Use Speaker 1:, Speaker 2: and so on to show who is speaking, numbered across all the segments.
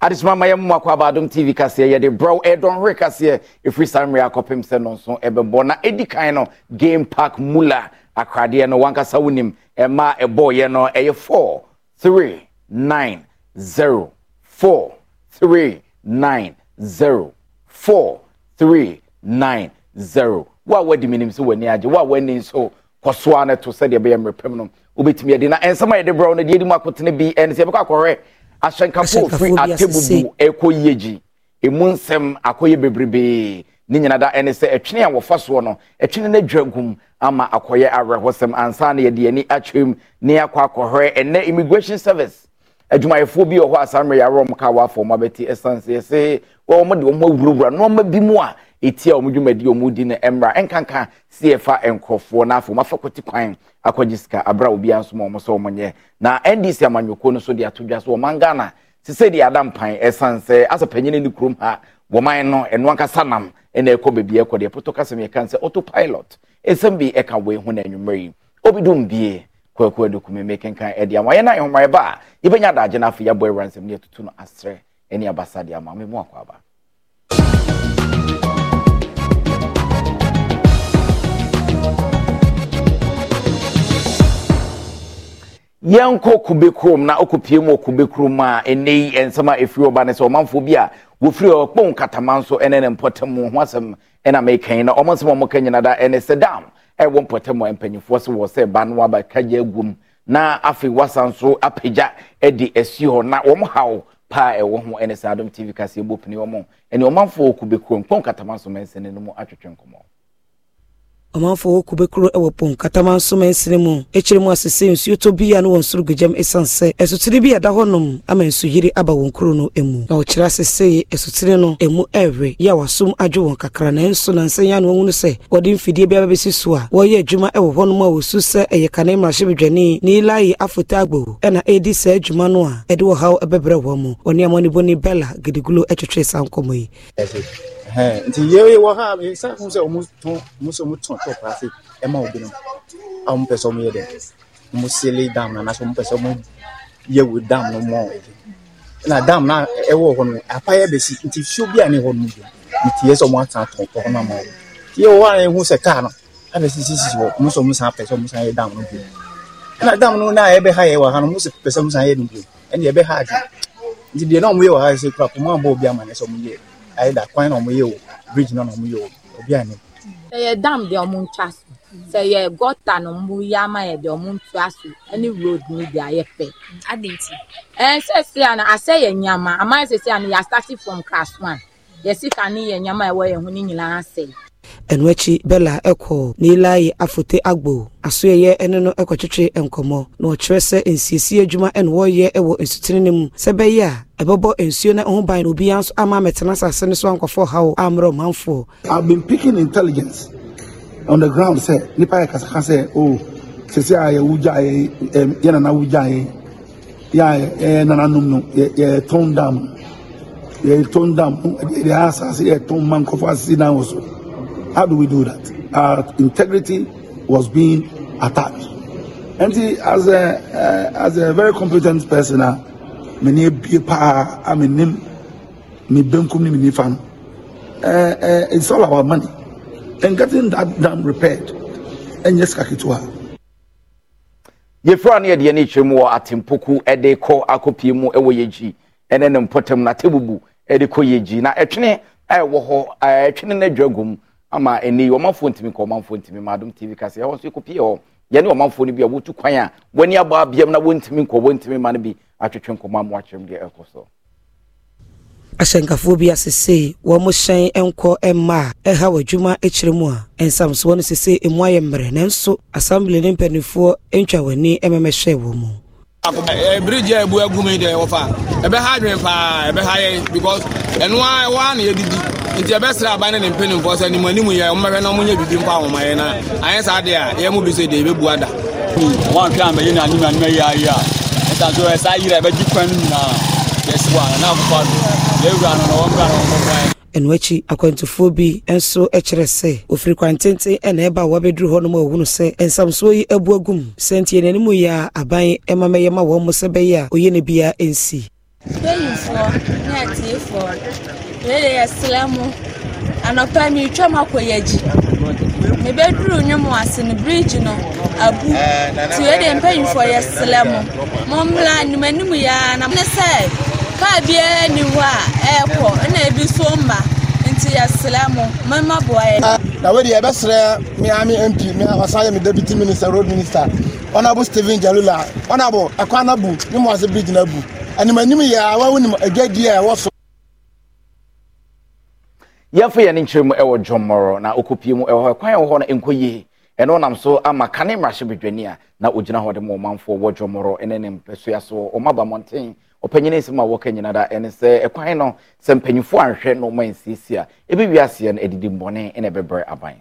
Speaker 1: adesoma ma yɛn mu akɔ abadom tv kaseɛ yɛde brɛw ɛdɔnhwere kaseɛ ɛfiri saa mmerɛ akɔpem sɛ no nso ɛbɛbɔ na ɛdi kan no game park mula akradeɛ no wankasa wonim ɛma ɛbɔɔyɛ no ɛyɛ 4 3 9 0 4 3 9 0 4 3 9 0 wo a wadi menim sɛ w'ani agye wo a w'ani nso kɔsoa no to sɛdeɛ ɛbɛyɛ mmerɛpem no wobɛtumi adi na ɛnsɛm a yɛde brɛw no deɛ di mu akotene bi ɛne sɛ yɛbɛkɔ akɔhwɛ ahyɛnkafo ofiri atebubu ɛkɔ yie gyi emu nsɛm akɔyɛ bebrebee ne nyina da ɛne sɛ ɛtwene a wɔfa soɔ no ɛtwene no adwa gum ama akɔyɛ awerɛhɔsɛm ansa na yɛde ani atwam ne akɔ akɔhwɛ ɛnɛ immigration service adwumayɛfoɔ bi wɔ hɔ asammerɛ yɛawerɛ m ka wɔafɔ mu abɛti ɛsiane sɛ yɛse wɔn de wɔn awurawura nneɔma bi mu a ɛti a ɔmo dwumadi ɔmo di no mmra nkanka si ɛfa nkurɔfoɔ n'afɔ ɔmo afa kɔti kwan akɔgye sika abira obi nso ma ɔmo sɛ ɔmo nyɛ na ndc amanyɔkuo no so de ato dwa so ɔman ghana sise de ada mpan ɛsan sɛ asa panyin ne kurom ha wɔman no ɛno ankasa nam ɛna ɛkɔ beebi ɛkɔ deɛ pɔtɔ kasa mi ɛka sɛ autopilot nsɛm bi ɛka wɔ ehu na enyimire yi obi dum bie kɔkɔɔ dokume mekenkan ɛde ama yɛn na ɛhomayɛ ba a yɛbɛnya adagye n'afɔ yɛabɔ ɛwura nsɛm ne yɛtutu no asrɛ ɛne abasa de ama mɛmu akɔ aba. yɛnkɔ kube kurom na ɔkɔpie mu kube kurom a ɛnɛ yi nsɛm a ɛfiri ɔba no sɛ ɔmanfoɔ bi a wɔfiri ɔkpɔn katama nso ɛne ne mpɔtam ho asɛm ɛna mekan na ɔmo nsɛm a ɔmoka nyina da ɛne sɛ dam ɛwɔ mpɔtam a mpanyimfoɔ sɛ wɔ sɛ ba no abakagya agum na afei wasa nso apagya ɛde asi hɔ na wɔn haw paa ɛwɔ ho ɛne sɛ adom tv kaseɛ bɔ pini wɔn ɛne ɔmanfoɔ kube kurom kpɔn katama nso mɛnsɛn ne mu atwetwe nkɔmɔ
Speaker 2: ɔmanfoɔ wɔku bɛkuro ɛwɔ pon katama nso ma nsene mu ekyiri mu asese nsuo tɔ bi a ne wɔn soro gugyam esiane sɛ ɛsotiri bi ada hɔnom ama nsuyiri aba wɔn kuro no emu na ɔkyerɛ asese ɛsotiri no emu ɛɛwe yɛ a wasom adwo wɔn kakra na nso na nsɛn yɛn a wɔn sɛ wɔde mfidie bi abɛbɛsi so a wɔyɛ adwuma ɛwɔ hɔnom a wɔsu sɛ ɛyɛ kane mmarahyɛbadwani ne ilayi afota agbo ɛna edi saa adwuma no a ɛde ɔhaw ɛbɛbrɛ wɔn mu ɔne amɔnibɔni bella gedigulu ɛtwetwe saa nkɔmɔ yi
Speaker 3: nti yɛyɛ wɔ ha ɛsiane hu sɛ ɔmo sɛ ɔmotɔn tɔp ase ɛma obinom a ɔmo pɛ sɛ ɔmo yɛ dɛ ɔmo sele dam no anaasɛ ɔmo pɛ sɛ ɔmo yɛ wo dam no mɔ na dam no ɛwɔ hɔ no apayɛ bɛsi nti fio bi a ne hɔ no mu bi nti yɛ sɛ ɔmo atena tɔn tɔ hɔ no ama ɔmo nti yɛwɔ hɔ a yɛhu sɛ kaa no abɛsisisisi hɔ ɔmo sɛ ɔmo san pɛ sɛ ɔmo san yɛ dam no bi ɛna dam no na yɛbɛ ha yɛ wɔ ha no ɔmo sɛ pɛ sɛ ɔmo san yɛ no bi ɛna yɛbɛ ha adi nti deɛ na ɔmo yɛ wɔ ha yɛ sɛ kura kɔmɔ abɔ obi ama ne sɛ ɔmo yɛ anyị da kwan na ọmụ yie o bridge na ọmụ yie o obi anyị.
Speaker 4: dam deɛ ɔmo ntwa so sɛ yɛ gɔta no mo yɛ ama yɛ deɛ ɔmo ntoa so ɛne road no deɛ ayɛ pɛ. adi nti. ano asɛ yɛ nyama ano yɛ asase from class one
Speaker 2: na ɔkyerɛ sɛ nsiesie adwuma ɛne ɛwɔ a ɛbɛbɔ nsuo na ɛho ban no obiara nso ama mɛtena asase no so ankɔfo ɔhaw ammerɛ ɔmanfoɔ i've been picking intelligence on the ground sɛ nipa yɛ kasaka sɛ o oh, sese a yɛ wugya yɛ
Speaker 5: ɛ yɛ nana wugya yɛ yɛ yɛ nana num no yɛ yɛ tɔn dam yɛ tɔn dam mm, yɛ yɛ asase yɛ tɔn man kɔfo asase dan wɔ so how do we do that our integrity was being attacked and he, as a uh, as a very competent person ah. Uh, mene ebie paa amenim
Speaker 3: me benkum ne me nifa no ɛɛ eh, eh, it's all our money and getting that dam repaired ɛnyɛ sika ketewa
Speaker 1: yɛfura no yɛdeɛ no kyerɛ mu wɔ atempoku de kɔ akɔpie mu wɔ yɛgyi ne ne mpɔtam no atebubu de kɔ yɛgyi na ɛtwene ɛwɔ hɔ ɛtwene no adwa gum ama ɛni ɔmanfoɔ ntumi kɔ ɔmanfoɔ ntumi maadom tv kasa ɛwɔ nso yɛkɔpie hɔ yɛne ɔmanfoɔ no bi a wɔtu kwan a wɔani abɔ abiam na wɔntumi nkɔ wɔntumi ma no bi atwetwe nkɔmɔ amu akyerɛm deɛ ɛkɔ so
Speaker 2: ahyɛnkafoɔ bi asesei wɔn hyɛn nkɔ mma a ɛha wɔ adwuma akyire mu a nsamsoɔ no sesei emu ayɛ mmerɛ nanso asambili ne mpanimfoɔ ntwa wɔn ani mmɛmɛhwɛ wɔn mu
Speaker 3: birigye a ebu egu mu deɛ wɔfa ɛbɛha adwene paa ɛbɛha yɛ because ɛno a ɛwɔ a na yɛdidi nti ɛbɛsrɛ aban ne mpanimfoɔ sɛ nimu anim yɛ wɔn mɛhwɛ na wɔn nyɛ bibi mpa ahoma yɛ na anyɛ saa deɛ a yɛn mu bi so deɛ ɛbɛbu ada. wɔn a mɛyɛ ata nso ɛsa yira ɛbɛgye kwan no nyinaa yɛsi wɔ anana do yɛwura no na wɔmmra na wɔmmɔbɔ ayɛ
Speaker 2: ɛno akyi akwantufoɔ bi nso kyerɛ sɛ ofiri kwantenten ɛna ɛba a wabɛduru hɔ nom a ɔhunu sɛ nsamsoɔ yi abu agu mu sɛ nti ɛnanim yɛ a aban ɛma mɛyɛ ma wɔn mo sɛ bɛyɛ a ɔyɛ no biara ɛnsi
Speaker 6: mpanyifoɔ
Speaker 4: ne atiefoɔ wei yɛsrɛ mo anɔpa meretwa m akɔ yɛ agyi mebɛduru ne mu ase no bridge no abu eh, nti wei deɛ mpanyimfoɔ yɛsrɛ mo mommra nimanim yɛa na ne sɛ kaa biara ni hɔ a ɛɛkɔ ɛna ebi so mma nti yɛsrɛ mo mɛmmaboa yɛ
Speaker 3: na wei deɛ yɛbɛsrɛ me ame mp me a ɔsan yɛ me deputy minister road minister ɔnabo stephen jalula ɔnabo ɛkwan no abu ne ase bridge no abu animanim yɛa wawonim adwadiɛ a ɛwɔ
Speaker 1: so yɛfa yɛ ne nkyerɛ mu na ɔkɔpie mu ɛwɔ hɔ kwan ɛwɔ hɔ no ɛnkɔ yie ɛno nam so ama kane mmarahyɛbadwani a na ɔgyina hɔ de ma ɔmanfoɔ wɔ dwɔmmɔrɔ ne ne mpɛsoa soɔ ɔmaba mmɔnten ɔpanyini nsɛm a wɔka nyina da ɛne sɛ ɛkwan no sɛ mpanyinfoɔ anhwɛ na ɔma nsiesie a ɛbɛwi aseɛ no adidi mmɔne ne ɛbɛbrɛ aban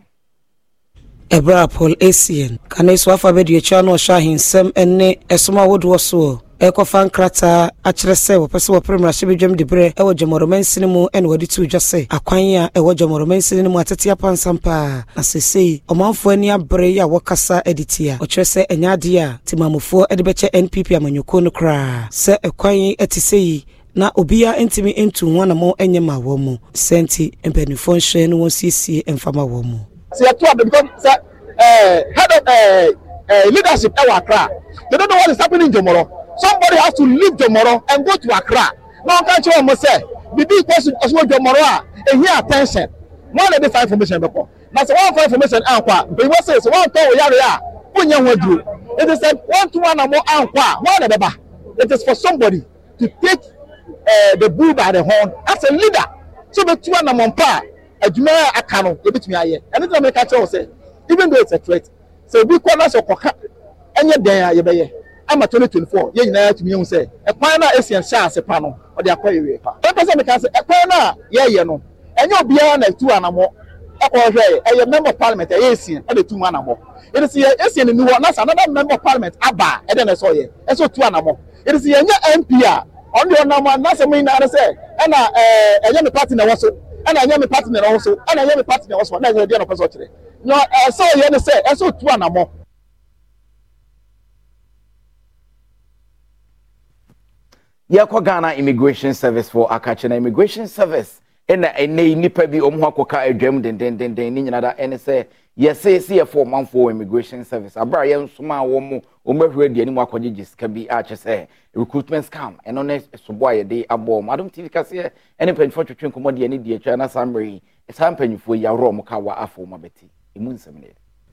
Speaker 2: ɛberɛ a paul asien kane so afa bɛduakyia no ɔhyɛ ahensɛm ne ɛsom ahodoɔ soɔ ɛkɔfa nkrataa akyerɛ sɛ wɔpɛ sɛ wɔpere mmarahyɛbadwam de berɛ ɛwɔ gyamɔrɔmansi mu ɛne wɔde tuu dwa sɛ akwan a ɛwɔ gyamɔrɔmansi no mu atete apansam paa na seesei ɔmanfoɔ ani abere a wɔkasa adi tia ɔkyerɛ sɛ ɛnyɛ a timamufoɔ de bɛkyɛ npp amanyɔkuo no koraa sɛ ɛkwan ɛte yi na obiara ntumi ntu ho anamɔ nyɛ ma wɔn mu sɛ nti mpanimfoɔ nhyɛn no wɔn
Speaker 3: a eh, eh, eh, somebody has to leave Jomoro and go to Accra na ọka kyerɛ wɔn sɛ bibi kɔ ɔsowɔ Jomoro a ah, ehi attention wɔn na de fa information bɛkɔ na sɛ wɔn fa information ankɔ a mpanyinwa sɛ sɛ wɔn tɔn wɔ yare a wɔn nyɛ wɔn duro it is sɛ wɔn tun wɔn anamɔ ankɔ a wɔn na bɛba it is for somebody to take uh, the bull by the horn as a leader so bɛtu anamɔ mpa a adwuma a aka no ebitumi ayɛ ɛne tɛn mi ka kyerɛ wɔ sɛ even though it's a threat sɛ obi kɔ na sɛ ɔkɔka ɛnyɛ dɛn a yɛbɛyɛ ama twenty twenty four yɛn nyinaa tumi ehu sɛ ɛkwan na esi ɛhyɛ ase pa no ɔde akɔ ewie pa ɛpɛ sɛ meka sɛ ɛkwan na yɛyɛ no ɛnyɛ obiara na etu anamɔ ɛkɔhwɛ yɛ ɛyɛ member of parliament ɛyɛ esia ɛde tu mu anamɔ ɛde si yɛ esia ne niwɔ na sɛ member of parliament aba ɛde na ɛsɛ ɔyɛ ɛsɛ otu anamɔ ɛde si yɛnyɛ mp a ɔno deɛ ɔnam anasɛm yi naa sɛ ɛna ɛɛ ɛnyɛ ne party na ɛwɔ so ɛna ɛnyɛ me party na ɛwɔ so ɛna ɛnyɛ me party na ɛwɔ so ɛna ɛnyɛ deɛ na ɔpɛ sɛ ɔkyerɛ nyɛ ɛsɛ ɔyɛ ne sɛ ɛsɛ otu anamɔ
Speaker 1: yɛkɔ ghana immigration service for akachina immigration service ɛna ɛnɛ yi nnipa bi ɔmo ho den den den ne nyinaa da ɛne sɛ yɛse si yɛfo ɔmanfoɔ wɔ immigration service abera yɛn nsoma a wɔn mo wɔn ahwɛ aduane mu akɔgyegye sika bi a kyɛ sɛ recruitment scam ɛno ne sobo a yɛde abɔ wɔn adom tv kaseɛ ɛne mpanyinfoɔ twetwe nkɔmɔ deɛ ne deɛ atwa na saa mmerɛ yi saa mpanyinfoɔ yi aworɔ ɔmo ka wɔ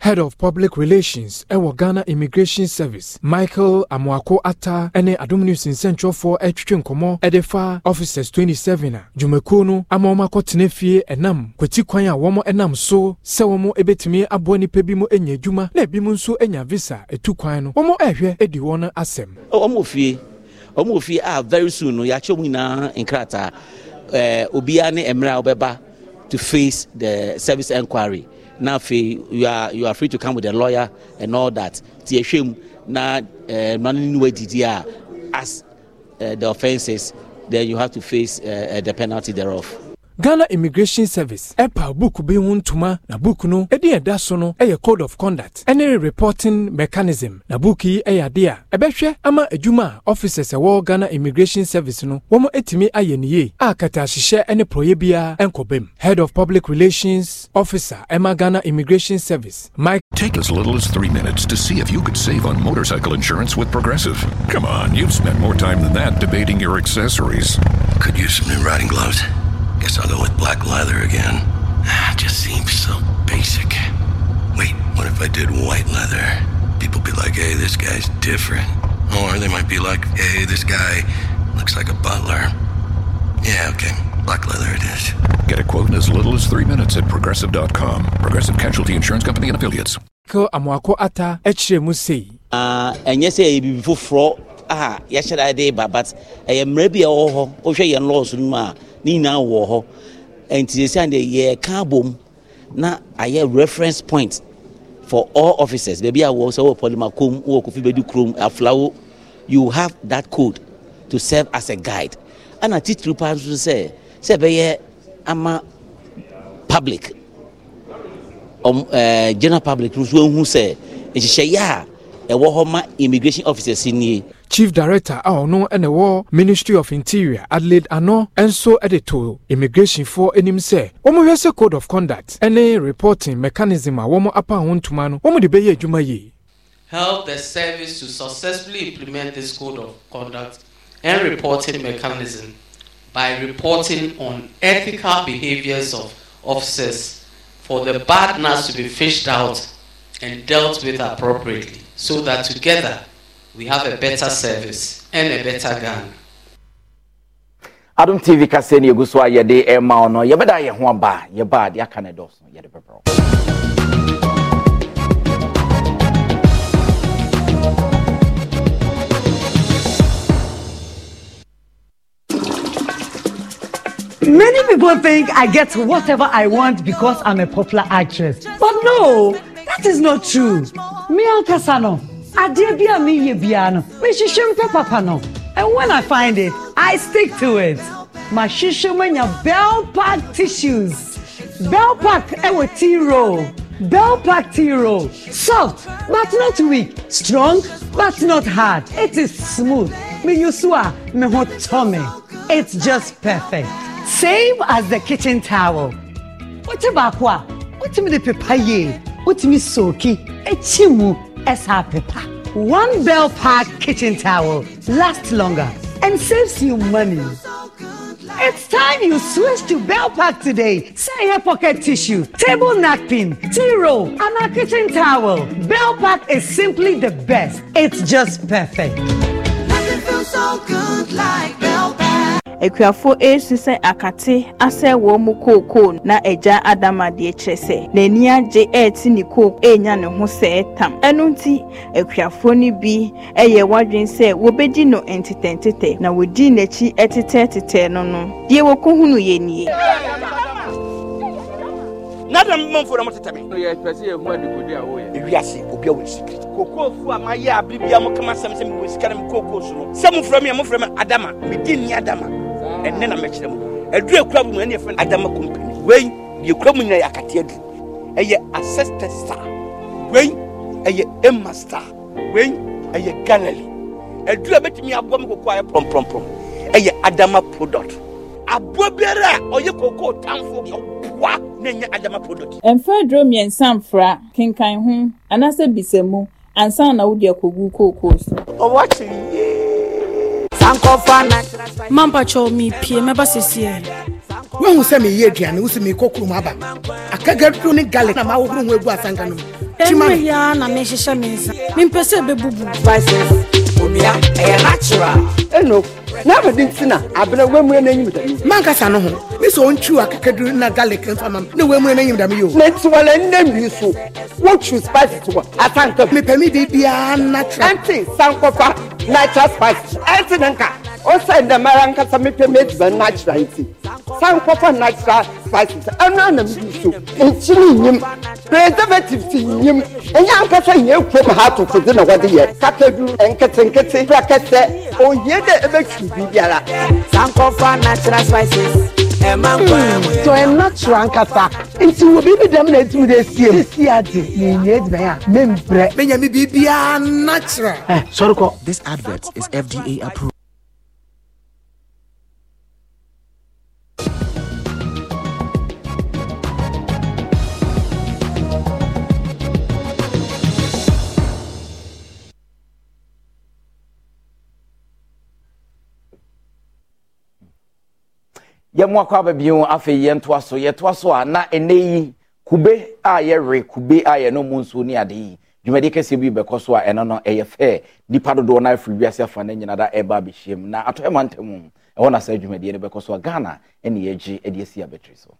Speaker 7: head of public relations ɛwɔ ghana immigration service michael amoako ata ɛne adom news nsɛntwerɛfoɔ ɛtwitwe nkɔmmɔ ɛde fa officers 27 a dwumakuo no ama wɔn akɔtena fie ɛnam kwati kwan a wɔn ɛnam so sɛ wɔn ɛbɛtumi aboa nnipa bi mu anya adwuma na ebi mu nso anya visa etu kwan no wɔn ɛrehwɛ edi wɔn asɛm.
Speaker 8: wɔn wɔ fie wɔn wɔ fie a very soon no yɛakyɛ wɔn nyinaa nkrataa ɛɛ obiara ne mmerɛ a wɔbɛba to face the service enquiry. Now, fee you are you are free to come with a lawyer and all that ti ehwɛ mu na nnwan uh, niwa didi a as uh, the offences then you have to face uh, the penalty thereof
Speaker 7: ghana immigration service ɛpa book bi ho ntoma na book no ɛdi ɛda so no ɛyɛ code of conduct ɛne reporting mechanism na book yi ɛyɛ adeɛ a ɛbɛhwɛ ama adwuma a officers ɛwɔ ghana immigration service no wɔn atumi ayɛ ne yie a katahyehyɛ ɛne porɔyɛ biara ɛnkɔba head of public relations officer ɛma ghana immigration service mike. take as little as three minutes to see if you could save on motorcycle insurance
Speaker 9: with progressive come on you've spent more time than that debating your accessories could use some new
Speaker 8: riding gloves. Guess I'll go with black leather again. Ah, just seems so basic. Wait, what if I did white leather? People be like, hey, this guy's different. Or they might be like, hey, this guy looks like a butler. Yeah, okay. Black leather it is.
Speaker 7: Get a quote in as little as three minutes at progressive.com. Progressive
Speaker 8: Casualty Insurance Company and Affiliates.
Speaker 7: ko amoako ata akyerɛ mu sei
Speaker 8: ɛnyɛ sɛ a ah, ah, ba but a ɛwɔ hɔ wohwɛ ne nyinaa wɔ hɔ nti sɛ sɛn deɛ yɛka abom na ayɛ reference point for all officers baabi a wɔ sɛ wɔ pɔlimakom wɔ kofi bɛdu kurom aflawo you have that code to serve as a guide ɛna titiri paa nso sɛ sɛ bɛyɛ ama public um, uh, general public nso ehu sɛ nhyehyɛeɛ a ɛwɔ e hɔ ma immigration officers nie.
Speaker 7: chief director a ɔno ɛwɔ ministry of interior adelaide ano nso de to for anim sɛ yese sɛ code of conduct ne reporting mechanism a wɔn apa ho ntoma no wɔn de bɛyɛ adwuma yie.
Speaker 8: help the service to successfully implement this code of conduct and reporting mechanism by reporting on ethical behaviors of officers for the badness to be fished out and dealt with appropriately so that together we have a better service and a better gang.
Speaker 1: tv so a
Speaker 6: Many people think I get whatever I want because I'm a popular actress. But no, that is not true. Me and Kasano. adeɛ bi a meyɛ biara no mehyehyɛ mpɛ papa no and when i find it i stick to it mahyehyɛ manya bell pack tissues bell pack ɛwɔ tea roll bell pack tea roll soft but not weak strong but not hard it is smooth meyusu a me ho tɔ me it's just perfect same as the kitchen towel wote baako a wotumi de pepa yie wotumi sooki ekyi mu. SR paper. One Bell Park kitchen towel lasts longer and saves you money. It's time you switch to Bell Park today. Say your pocket tissue, table napkin, tea roll, and a kitchen towel. Bell Park is simply the best. It's just perfect. Nothing feels so good. akuafo esu
Speaker 4: sɛ akate asɛ wɔn mu kookoo na agya adamadeɛ kyerɛ sɛ n'ani agye ɛɛte ne kook ɛɛnya ne ho sɛɛ tam ɛno nti akuafo no bi ɛyɛ wadwin sɛ wɔbɛdi no ntetɛntetɛ na wɔdi n'akyi ɛtetɛtetɛ no no deɛ wɔkɔhunu yɛ nie.
Speaker 3: n'adam mmanfo na mo tete mi. yɛ pɛsɛ yɛ hu adigodi a wɔyɛ.
Speaker 5: ewiase obi a wɔn sikiri.
Speaker 3: kokoofu a maa yɛ abiribi a mo kama sɛm sɛ mi wɔ sika na mi kookoo so no sɛ mo fura mi a mo fura adama mi di ni adama ɛnɛ na mɛkyerɛ mu aduru ekura bi mu ɛne yɛfrɛ no adama company wei deɛ ekura mu nyinaa yɛ akateɛ du ɛyɛ ancestor star wei ɛyɛ emma star wei ɛyɛ gallery aduru a bɛtumi mu koko a pɔmpɔmpɔm ɛyɛ adama product aboa biara a ɔyɛ koko tanfo ɔboa na ɛnyɛ adama product.
Speaker 4: mfra duro mmiɛnsa mfra kenkan ho anaasɛ bisamu ansa na wodi akɔgu kookoo so.
Speaker 2: ɔwɔ akyere yi
Speaker 4: mampakyɛ mepie mɛba
Speaker 9: sesie woahu sɛ meyɛ aduane wo sɛ meekɔ kurom aba akagaduro ne garlic na mawohoro ho agu
Speaker 2: asanka no mu
Speaker 9: ɛnu yi ara na mehyehyɛ me nsa mempɛ sɛ ɛbɛbubu
Speaker 2: onua ɛyɛ
Speaker 9: natural ɛno n'abɛdi nti na abena wɛmmerɛ n'anim dami
Speaker 3: mankasa no ho me sɛ ɔntwiw akakaduru na garlic mfa ma na wɛmmerɛ n'anim dami yio na ntiwa na nna mmiri so wotwiw spice tiwa asanka mepɛ me biribiara natural ɛnte sankɔfa natural spice ɛnte ne nka ɔsan dɛm ara nkasa mepɛ m'aduba natural nti san kɔfa natural spices eh, ɛno anam bi so nkyiri nyim preservatives nyim ɛnyɛ ankasa nyɛ kurom ha atotodze na wɔde yɛ kakadu
Speaker 6: nketenkete prakɛsɛ ohie dɛ ɛbɛtwi biribiara san kɔfa natural spices tɔn natural nkasa nti wo biribi dɛm na etumi de esie mu esi adi na enye edumɛ a membrɛ. bɛnyami biribiara natural. ɛ sɔrikɔ.
Speaker 3: this advert is fda approved.
Speaker 1: yɛmo akɔ ababio afei yɛntoa so yɛtoa so a na ɛnɛ yi kube a yɛwe kube a yɛno mu nsuo ne ade yi dwumadi kɛseɛ bi bɛkɔ so a ɛno no ɛyɛ e fɛ nipa dodoɔ no afiri wiase afa no nyina da ɛba e abɛhyiam na atɔɛma e ntamu ɛhɔ na saa dwumadiɛ no bɛkɔ so a ghana ɛne yɛgye adi asi abɛtiri so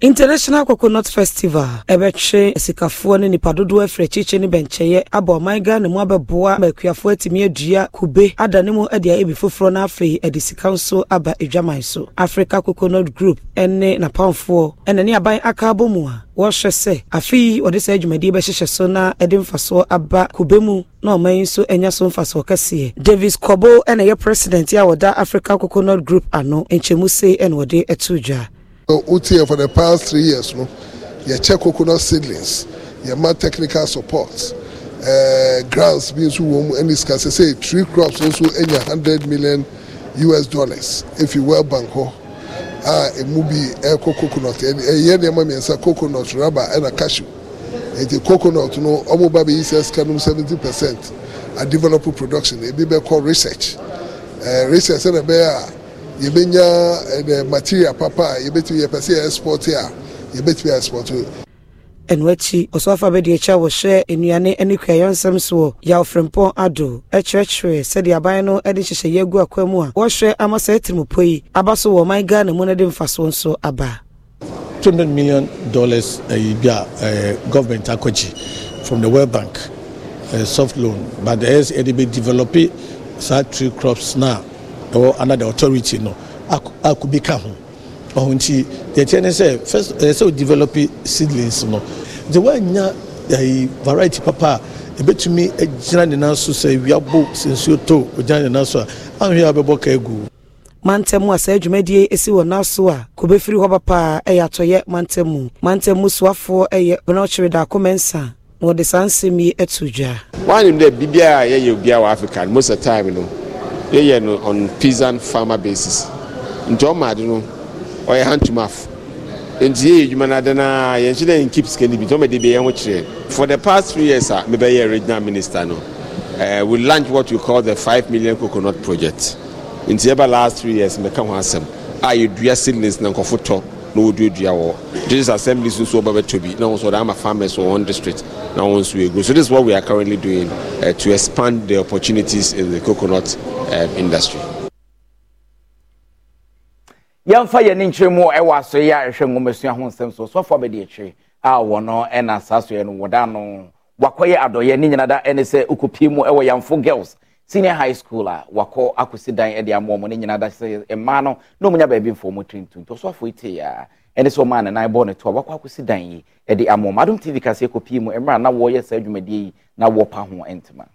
Speaker 2: international coconut festival ɛbɛtwe sikafoɔ ne nipa dodoɔ afiri akyirikyiri ne bɛnkyɛeɛ aba ɔman ghana mu abɛboa ma akuafoɔ atumi adua kube adane mu ade ayɛ bi foforɔ no afei ade sika nso aba adwaman so africa coconut group ne napamfoɔ ɛna ne aban aka abɔ mu a wɔhwɛ sɛ afei wɔde saa adwumadie bɛhyehyɛ so na ɛde mfasoɔ aba kube mu na ɔman yi nso anya so mfasoɔ kɛseɛ davis kɔbo ɛna ɛyɛ president a wɔda africa coconut group ano nkyɛmu sei ɛna wɔde ɛto dwa
Speaker 5: wotie yɛ for the past three years no yɛkyɛ coconut seedlings yɛma technical support uh, grants bi nso wɔ mu ɛne sika sɛ sɛ tree crops nso anya hundred million us dollars efi world bank hɔ a emu bi ɛkɔ coconut ɛyɛ nneɛma mmiɛnsa coconut rubber ɛna cashew nti coconut no ɔmo ba bɛ yi sɛ sika no seventy percent a develop production ebi bɛ kɔ research ɛɛ eh, research ɛna bɛyɛ a yɛbɛnya ɛdɛ material papa a yɛbɛtumi yɛpɛ sɛ yɛ export a yɛbɛtumi export
Speaker 2: ɛno akyi ɔsɔfo abɛdeakyi a wɔhwɛ nnuane ne kuayɔnsɛm so wɔ yawfrempɔn ado ɛkyerɛkyerɛ sɛdeɛ aban no de nhyehyɛeɛ agu akwan mu a wɔhwɛ ama saa atirimupo yi aba so wɔ ɔman ghana mu no de mfasoɔ nso aba
Speaker 10: 200 million dollars bi eh, a eh, government akɔgye from the world bank uh, soft loan but ɛyɛ sɛ ɛde bɛdevelope saa tree crops now ɛwɔ under the authority no akobi ka ho ɔho nti deɛ tiɛ ne sɛ first ɛyɛ sɛ o develop seedlings no de wanya ɛyi variety papa a ebetumi egyina ne nan so sɛ ewia bo sensuo to ogyina ne nan so a ahwɛ a bɛbɔ ka egu.
Speaker 2: mantam a saa dwumadie esi wɔ n'aso a kobefiri hɔ papa ɛyɛ atɔyɛ mantam mu mantam mu soafoɔ ɛyɛ benokyere daako mɛnsa na wɔde saa nsɛm yi ɛto dwa.
Speaker 8: wɔn anim dɛ biribiara a yɛyɛ obiara wɔ africa most of the time no yɛyɛ no on peasant farmer basis nti ɔma ade no ɔyɛ hand to mouth nti yɛyɛ adwuma no ade no a yɛnhyɛ dɛ nkip bi nti ɔmɛde bi yɛn ho kyerɛ for the past three years a mebɛyɛ regional minister no uh, we launch what we call the five million coconut project nti yɛba last three years mɛka ho asɛm a yɛdua seedlings na nkɔfo tɔ na wɔduadua wɔ Jesus assemblies nso wɔbɛbɛtɔ bi na wɔn nso wɔde ama farmers wɔ wɔn district na wɔn nso egu so this is what we are currently doing uh, to expand the opportunities in the coconut uh, industry.
Speaker 1: yɛmfa yɛ ne nkyerɛ mu ɛwɔ asɔre yɛ ahwɛ nwomasua ho nsɛm so sɔfoɔ bɛde akyire a no ɛna saa soɛ no wɔda no wakɔyɛ adɔyɛ ne nyinada ɛne sɛ wokɔpie mu ɛwɔ yɛmfo girls senior high school a wakɔ akɔsi dan de amoɔ mo ne nyinaa da sɛ mmaa no na ɔmo nya baabi mfa ɔmo tuntum nti ɔsɔfo yi tee a ɛne sɛ ɔmaa ne nan bɔ ne to a wakɔ akɔsi dan yi de amoɔ mo adom tv kaseɛ kɔpii mu mmerɛ na wɔyɛ saa adwumadie yi na wɔpa ho ntoma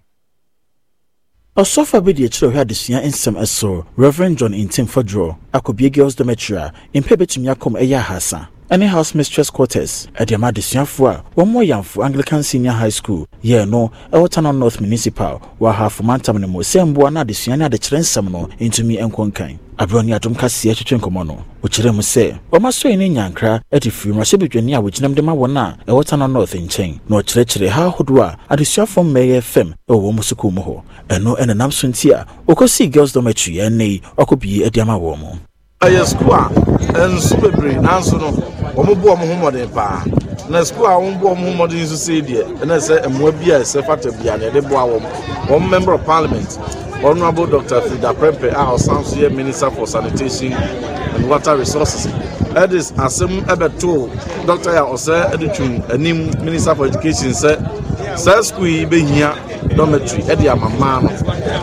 Speaker 10: ɔsɔfo a bɛdi akyerɛ ɔhwɛ adesua nsɛm ɛso reverend john Intim fɔdworɔ akɔbie girls dormitory a mpɛ bɛtumi akɔm ɛyɛ ahasa ne house mistress quarters ɛde ama adesuafoɔ a wɔmmɔ yamfo anglican senior high school yɛɛ no ɛwɔ tanon north municipal wɔ ahafo mantam no mu sɛ mboa no adesua ne adekyerɛ nsɛm no ntumi nkɔ nkan aberɛ ne adom kaseɛ twetwe nkɔmmɔ no wɔkyerɛ mu sɛ wɔma sɔe ne nyankra ade firi mmarahyɛbadwane a wɔgyinam de ma wɔn a ɛwɔ tana north nkyɛn na ɔkyerɛkyerɛ ha ahodoɔ a adesuafoɔ mmɛyɛ fam ɛwɔ wɔn mu sukuu mu hɔ ɛno ɛnenam so nti a wɔkɔsii girls dom akyi ɛnnɛ yi ɔkɔbie adi ama wɔn mu
Speaker 5: ɛyɛ sukuu a nsu bebree nanso no wɔn bu wɔn ho mmɔden paa
Speaker 10: na sukuu a wɔn bu wɔn ho mmɔden nso sɛ deɛ ɛna sɛ mmoa bi a ɛsɛ fata bi a na yɛde boa wɔn wɔn member of parliament honourable dr frida prempe a ɔsan so yɛ minister for sanitation and water resources ɛde asɛm ɛbɛto dr a ɔsɛ ɛde twɛn anim minister for education sɛ saa sukuu yi bɛhia dormitory ɛde ama mmaa no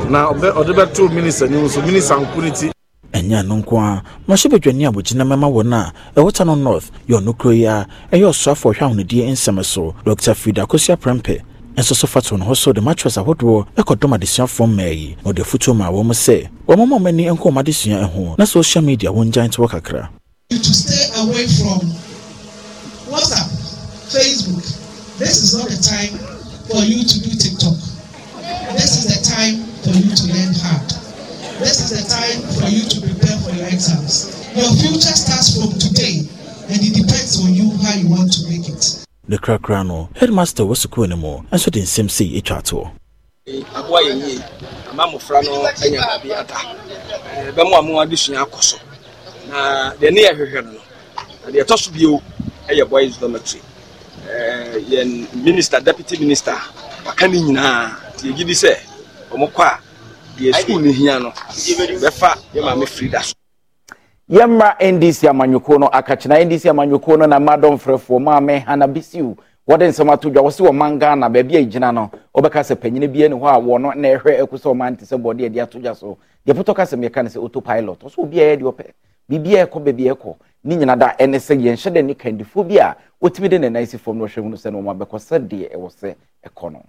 Speaker 10: na ɔbɛ ɔde bɛto minister anim nso minister nko ne ti ɛnyɛ no nko a mahyɛ a wɔgyina mɛma wɔn a ɛwɔta no north yɛ ɔno kuro yi a ɛyɛ ɔsoafoɔ hwɛ ahonodie nsɛm so dr frida kosi aprɛmpɛ nso so fato ho so de matwerɛs ahodoɔ ɛkɔdɔm adesuafoɔ mmaa yi na ɔde afotuo maa wɔn sɛ wɔn mma ɔmani nkɔ wɔn adesua ho na social media wɔn gyan te wɔ kakra.
Speaker 5: to stay away from
Speaker 3: whatsapp facebook this is not the time for you to do tiktok this is the time for you to learn hard this is the time for you to prepare for your exams. Your future starts from today, and it depends on you how you want to make it.
Speaker 10: ne korakora no headmaster was sukuu anymore and nso de nsɛm sei atwa toɔ
Speaker 3: aboa yɛ yie ama mmɔfra no anya baabi ada bɛmo a mo adesua akɔ so na deɛ ne yɛhwehwɛ no no na deɛ ɛtɔ so bio yɛ boys dormitory yɛn minister deputy minister waka ne nyinaa nti yɛgye di sɛ ɔmokɔ a deɛ sukuu ne hia no bɛfa yɛ maame firi da so
Speaker 1: yɛmmra ndc amanyɔkuo no akakyena ndc amanyɔkuo no na mma dɔmfrɛfoɔ maame hana bisiw wɔde nsɛm ato dwa wɔsi wɔ man ghana baabi a gyina no wɔbɛka sɛ panyini bi ne hɔ a wɔno na ɛhwɛ ɛko sɛ ɔman te sɛ bɔde ɛde ato dwa so deɛ potɔ kasɛm yɛka no sɛ autopilot ɔsɛ obiaa yɛ deɛ ɔpɛ biribiaa ɛkɔ baabi ɛkɔ ne nyina da ɛne sɛ yɛnhyɛ dɛ ne kandifoɔ bi a wɔtumi de ne nan si fam no ɔhwɛ hunu sɛ no ɔma bɛkɔ sɛdeɛ ɛwɔ sɛ ɛkɔ no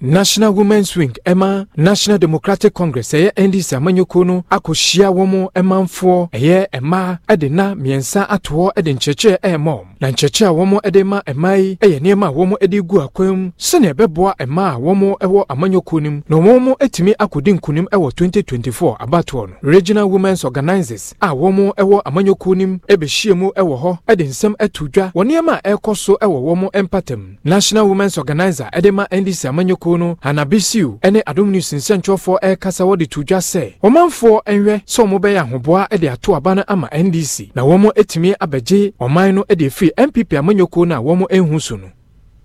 Speaker 7: national women's wing ɛma national democratic congress ɛyɛ ndc amanyɔkuo no akɔhyia wɔn manfoɔ ɛyɛ mmaa ɛde na mmiɛnsa atoɔ ɛde nkyerɛkyerɛ ɛrema wɔn na nkyɛkyɛ a wɔn de ma mmaa yi yɛ nneɛma a wɔn de gu akwan mu sɛnea ɛbɛboa mmaa a wɔn wɔ amanyɔkuo no mu na wɔn atumi akɔdi nkonim wɔ 2024 abatoɔ no regional women's organizers, a wɔn wɔ amanyɔkuo no mu bɛhyia mu wɔ hɔ de nsɛm ato dwa wɔ nneɛma a ɛrekɔ so wɔ wɔn mpatam national women's organizer de ma ndc amanyɔkuo no hanabisiu ne adom news nsɛntwerɛfoɔ rekasa wɔde to dwa sɛ ɔmanfoɔ nhwɛ sɛ wɔbɛyɛ ahoboa de ato aba no ama ndc na wɔn atumi abɛgye ɔman no de afiri npp amanyɔkuo no a wɔn ɛnhu so no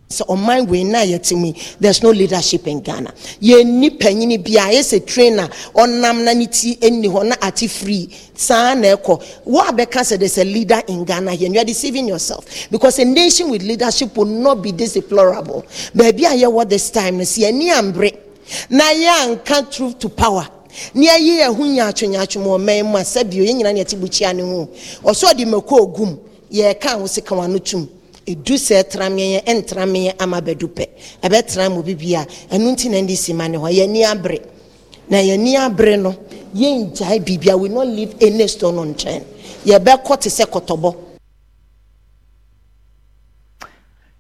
Speaker 2: sɛ ɔman wei na yɛte mu there's no leadership in ghana yɛnni panyini bia ayɛ sɛ trainer ɔnam na ne ti ɛnni hɔ na ate free saa na ɛkɔ wo abɛka sɛ there's a leader in ghana here and you are deceiving yourself because a nation with leadership will not be this deplorable baabi a yɛwɔ this time no sɛ yɛni ambre na yɛanka truth to power ní ayé ẹ̀hún yàtúnyàtú mọ̀ ọ̀mẹ́yìn mu àṣẹ́bíò yẹn ni ẹ̀ ti bu kyia ne ho ọ̀ṣọ́ di mẹ́kọ́ yɛreka ho sika wɔn ano tum edu sɛ ɛtrameɛ ɛntrameɛ ama bɛdu pɛ ɛbɛtra mu bibi a ɛnu ti na ndc ma ne hɔ yɛn abere na yɛn abere no yɛn gyae bibi a we no leave any store no nkyɛn yɛbɛkɔ te sɛ kɔtɔbɔ.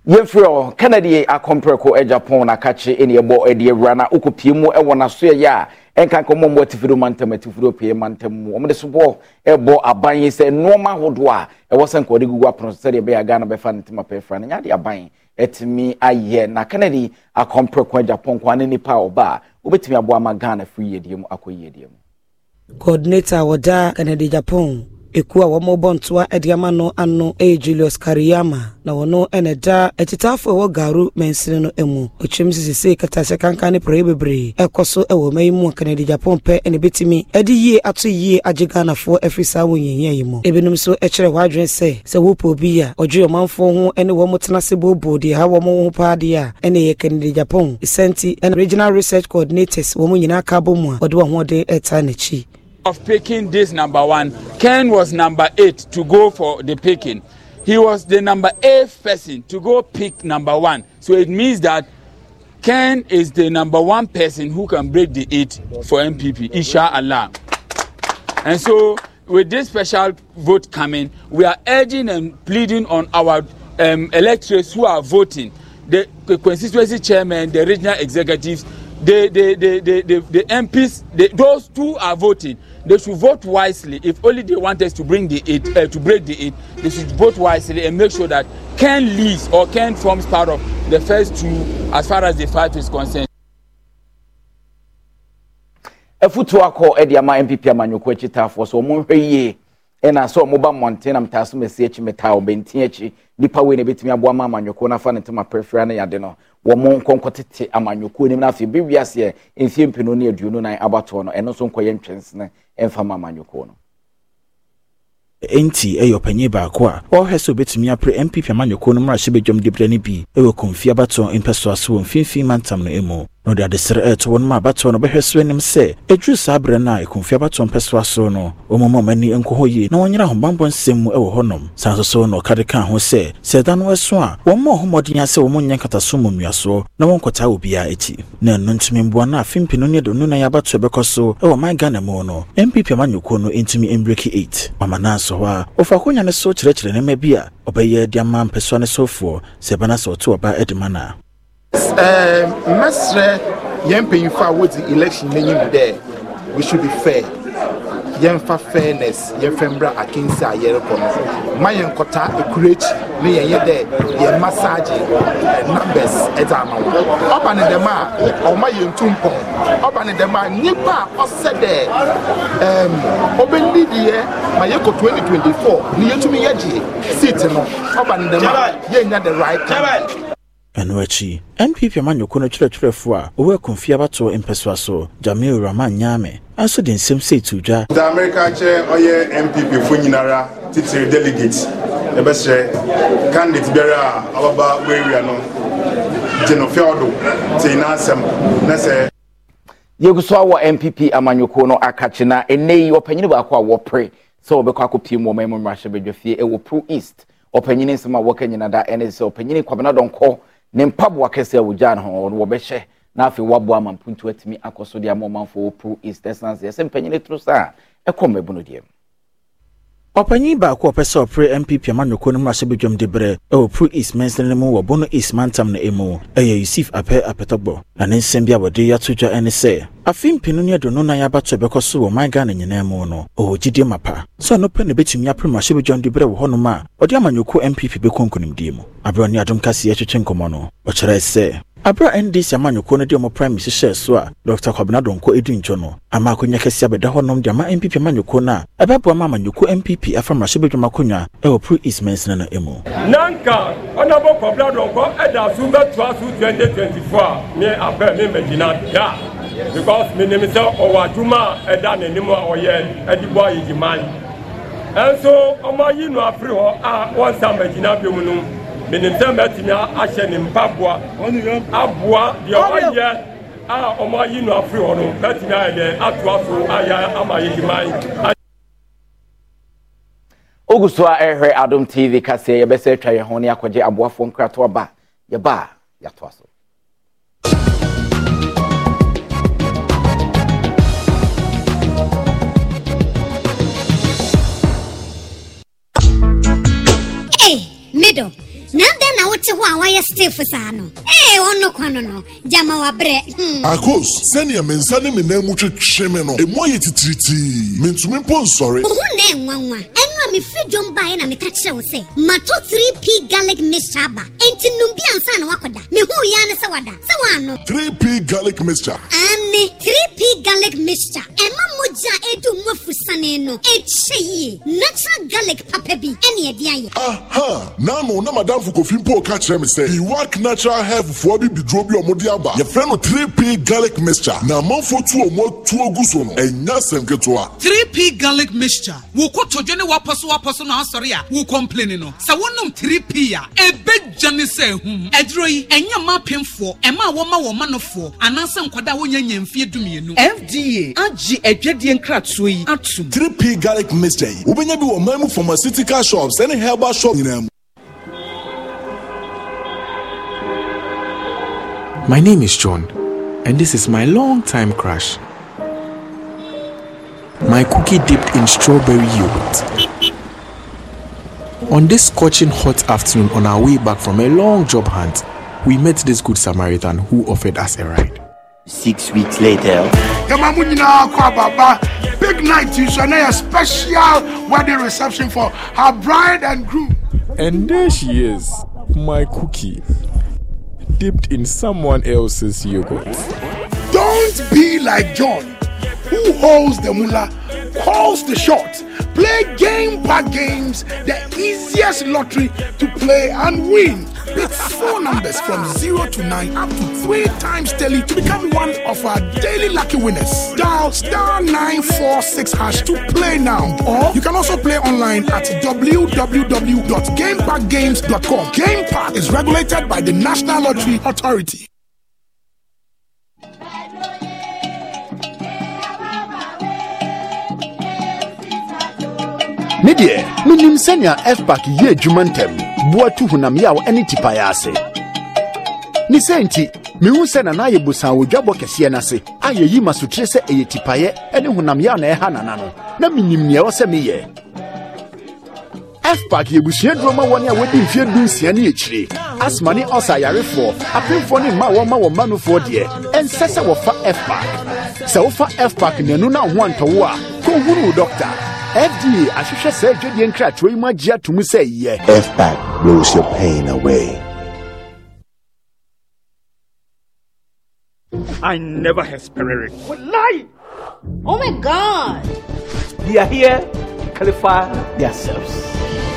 Speaker 1: yɛmfiri ɔ kennedy akɔmprɛko agya pon na kakye ne ɛbɔ ɛde awura na wokɔpie mu ɛwɔ n'asoɛyɛ a ɛnka nka ɔmo ɔmo atifiri ɔmo antam atifiri ɔpie ɔmo antam mu ɔmo de so e bɔ ɛbɔ aban yi sɛ nneɛma ahodoɔ a ɛwɔ sɛ nka ɔde gugu apono so sɛdeɛ ɛbɛyɛ ghana bɛfa ne tema pɛɛfra no nyade aban ɛtumi ayɛ na kennedy akɔmprɛko japan kwan ne nipa a ɔba a wobɛtumi aboa ma ghana firi yiedie mu akɔ yiedie mu
Speaker 2: coordinator wɔda kennedy japan ekuo a wɔn bɔ ntoa de ama no ano yɛ julius kariyama na wɔn na ɛda atitaafo a ɛwɔ garu mɛnsini no mu otwam sisi se katahyɛ kankan ne pɔrɔ bebree ɛkɔ so wɔ ɔma yi mu kanadigya pɔmpɛ na ebetumi de yie ato yie agye ghanafoɔ afiri saa wɔnyɛnyɛ yi mu ebinom nso kyerɛ wɔadwene sɛ sɛ wɔpɛ obi a ɔdwe ɔmanfoɔ ho ne wɔn tena se booboo deɛ ha wɔn ho paa a ɛna ɛyɛ kanadigya pɔn esanti ɛna regional research coordinators wɔn nyinaa ka abɔ mu a wɔde wɔn ho ɔden ɛtaa n'akyi
Speaker 7: of picking this number one. Ken was number eight to go for the picking. He was the number eight person to go pick number one. So it means that Ken is the
Speaker 3: number one person who can break the eight for MPP, Isha Allah. And
Speaker 7: so, with this special vote coming, we are urging and pleading on our um, electors who are voting the constituency chairman, the regional executives, the the the the the, the MPs the, those two are voting they should vote wisely if only they want us to bring the aid uh, to break the aid they should vote wisely and make sure that
Speaker 3: Ken leads or Ken forms part of the first two as far as the fight is concerned.
Speaker 1: ɛfutuo akɔ ɛde ama npp amanyɔkuo akyitaafoɔ so wɔn hwɛ yie ɛna sɛ ɔmo ba mmɔnten na mtaa so mɛsi akyi mɛtaa ɔmo bɛnti akyi nipa wei na ebetumi aboa ma amanyɔkuo n'afa ne ntoma pɛrɛfɛrɛ ne yade no wɔn nkɔnkɔ tete amanyɔkuo nim n'afɛ ebi wi aseɛ nsia mpino ne aduonu nan abatoɔ no ɛno nso nkɔyɛ ntwɛnsene ɛnfa ma amanyɔkuo no
Speaker 10: enti ɛyɛ ɔpanyin baako a ɔrehwɛ sɛ obetumi apere npp amanyɔkuo no mmarahyɛbadwam dibere no bi ɛwɔ kɔnfi abatɔ mpɛsoa so wɔ mfimfini mantam no mu na ɔde adesrɛ ɛɛto wɔn ma abatoɔ no bɛhwɛ so anim sɛ ɛduru saa berɛ no a ɛkumfi abatoɔ mpɛsoa so no ɔmoma ma ani nkɔ hɔ yie na wɔnyera ahobammɔ nsɛm mu ɛwɔ hɔnom saa nso so na ɔkade kaa ho sɛ sɛ ɛda no ɛso a wɔmma ɔhommɔden a sɛ wɔmɔ nyɛ nkataso mu mmuasoɔ na wɔnkɔtaa obiaa akyi na ɛno ntumi mboa no a fempinu ne aduonu nan abatoɔ bɛkɔ so ɛwɔ man ghana mu no mpp amanyɔkuo no ntumi mbreki 8 mama nanso hɔ a ɔfa akonya no so kyerɛkyerɛ nneɛma bi a ɔbɛyɛ de ama mpɛsoa ne sɔfoɔ sɛ ɛbɛna sɛ ɔto ɔba de no a Eh, mɛsrɛ
Speaker 3: yɛn mpanyinfo a wodi election n'enyim dɛ we should be fair yɛmfa fairness yɛmfa mbra akensi a yɛrekɔ no ma yɛnkɔta akuro akyi ne yɛnyɛ dɛ yɛn massage numbers ɛdze ama wɔn ɔba ne dɛm a ɔma yɛntu mpɔn ɔba ne dɛm a nipa a ɔsɛ dɛ ɛm ɔbɛnni deɛ ma yɛkɔ 2024 ne yɛtumi yɛgye seat no ɔba ne dɛm
Speaker 5: a yɛnya the right time
Speaker 10: ɛno akyi npp amanyɔko no kyerɛkyerɛfoɔ a ɔwɔ akomfie abatoɔ mpɛsoa so jamil rahman nyaame nso de nsɛm sɛ ɛtu dwa
Speaker 5: da amerika kyɛ ɔyɛ npp fo nyinara titiri delegate yɛbɛsrɛ candidate biara a ɔbaba wawia no gye no fialdo tei n'asɛm na sɛ
Speaker 1: yɛgu so awɔ npp amanyɔkuo no aka kye na ɛnɛ yi baako a wɔpere sɛ wɔbɛkɔ akɔpie mu ɔma mu mmarahyɛbadwafie ɛwɔ pro east ɔpanyini nsɛm a wɔka nyina da ɛne sɛ ɔpanyini kwabena dɔnkɔ ne mpaboa kɛseɛ a wɔgyaa no ho wɔbɛhyɛ na afei waboa ama mpuntu atumi akɔ so de ama ɔmanfoɔ wɔ pro east sɛ mpanyin toro saa ɛkɔ mmɛbu no deɛ mu
Speaker 10: ɔpanyin baako a ɔpɛ sɛ ɔpere mpp amanyɔkuo no mmarahyɛ badwam de berɛ ɛwɔ pro east mansene no mu wɔ bono east mantam no ɛmu ɛyɛ yusuf apɛ apɛtɔbɔ na ne nsɛm bi a wɔde ato dwa ɛne sɛ afe mpenu ne aduonu nan abato ɛbɛkɔ so wɔ man ghana nyinaa mu no ɔwɔ gyidie ma pa sɛ ɔno pɛ na ɛbɛtumi apere mmarahyɛ badwam de berɛ wɔ hɔnom a ɔde amanyɔkuo mpp bɛkɔ nkonimdie mu aberɛ ne adom kaseɛ atwetwe nkɔmmɔ no ɔkyerɛɛ sɛ Abra a ndc amanyɔkuo no de ɔmo prime minister hyɛɛ so a dr kwabena donko edi nkyɛn no ama akonnwa kɛse abɛda hɔnom de ama npp amanyɔkuo no a ɛbɛboa ma amanyɔkuo npp afa mmarahyɛbadwam akonnwa ɛwɔ pro east mɛnsena no emu.
Speaker 7: nanka
Speaker 3: ɔnabɔ kwabena donko ɛda so bɛtoa so twenty twenty four a ne abɛ ne mɛgyina da because menim sɛ ɔwɔ adwuma a ɛda n'anim a ɔyɛ ɛde bɔ ayɛ gyiman ɛnso ɔmo ayi no afiri hɔ a wɔnsa mɛgyina bi mu no. mɛ nin fɛn bɛɛ tɛmɛ ahyɛ nin ba boa aboa deɛ a ɔmo ayi no afiri hɔ no bɛɛ tɛmɛ ayɛ dɛ atoa so ayɛ ama yɛ himan.
Speaker 1: ogu so a ɛhwɛ adom tv kaseɛ yɛbɛsɛ atwa yɛn ho ne akɔgye aboafoɔ nkratoɔ ba yɛba a so
Speaker 2: middle.
Speaker 6: na ɛdɛn na wote hɔ a wayɛ stefo saa no ee ɔno kwan no gyama wabrɛ. Hmm. akos
Speaker 5: sɛnea me nsa ne me nan mu twetwe me no emu ayɛ titiritii mentumi mpo nsɔre. ohun
Speaker 6: na ɛnwanwa ɛnu a mefiri dwom baeɛ na meka kyerɛ wo sɛ mato 3p garlic mixture aba enti nom bi ansa na woakɔda mehuu yɛa ne sɛ wada sɛ woano
Speaker 5: 3p garlic mixture
Speaker 6: eh, ane 3p eh, garlic mixture ɛma mogya a ɛdu mu afurusane no ɛkyɛ yie natural garlic papa bi ɛne ɛde ayɛ
Speaker 5: aha naano na madamfo kofi mpo ka kyerɛ me sɛ iwak natural healthfoɔ bi biduro bi ɔmode aba yɛfrɛ no 3p garlic mixture na amanfo tu ɔmo atu agu so no ɛnya sɛm ketewa
Speaker 6: 3p garlic
Speaker 3: mixture wo kɔtɔdwe ne wapɔ so na asɔre a wo complain no sɛ wonom 3p a ɛbɛgya ne sɛ ahum yi ɛnyɛ ma ɛma a wɔma wɔn manofoɔ anaasɛ nkwadaa wonya nya mfie dumienu fda agye adwadeɛ nkratoɔ yi atom
Speaker 5: 3p garlic mixture yi wobɛnya bi wɔ man pharmaceutical shops ɛne herbal shop nyinaa mu
Speaker 7: My name is John, and this is my long time crush. My cookie dipped in strawberry yogurt. On this scorching hot afternoon on our way back from a long job hunt, we met this good Samaritan who offered us a ride.
Speaker 8: Six weeks later,
Speaker 5: big night to so a special wedding reception for her bride and groom. And there she is, my cookie, dipped in someone else's yogurt. Don't be like John, who holds the mullah, calls the shot Play game by games, the easiest lottery to play and win. With four numbers from 0 to 9 up to 3 times daily to become one of our daily lucky winners. Dial star 946 hash to play now. Or you can also play online at www.gamepackgames.com. Game Park is regulated by the National Lottery Authority.
Speaker 3: ne deɛ menim sɛnea fpak yɛ adwuma ntɛm boa tu honam yaw ne tipaeɛ ase ne sɛ nti mehu sɛ nana ayɛ bosan wɔ dwabɔ kɛseɛ no ase a yi ma sotire sɛ ɛyɛ tipaeɛ ne honam yaw na ɛha nana no na menim nea ɛwɔ sɛ meyɛ fpak yɛbusua duro ma wɔne a wɔdi mfeɛ dunsia ne yɛkyire asma ne ɔsa ayarefoɔ apemfoɔ ne mmaa wɔma wɔ mmanofoɔ deɛ ɛnsɛ sɛ wɔfa fpak sɛ wofa fpak nanu na wo ho antɔwo a kɔhunu wo dɔkta FDA ahwehwɛ sɛ adwadeɛ nkratoɔ yi mu agye ato mu sɛ yɛ.
Speaker 5: FPAC blows your pain away.
Speaker 3: I
Speaker 6: never had spirit.
Speaker 4: What lie? Oh my God!
Speaker 6: They are here, clarify themselves.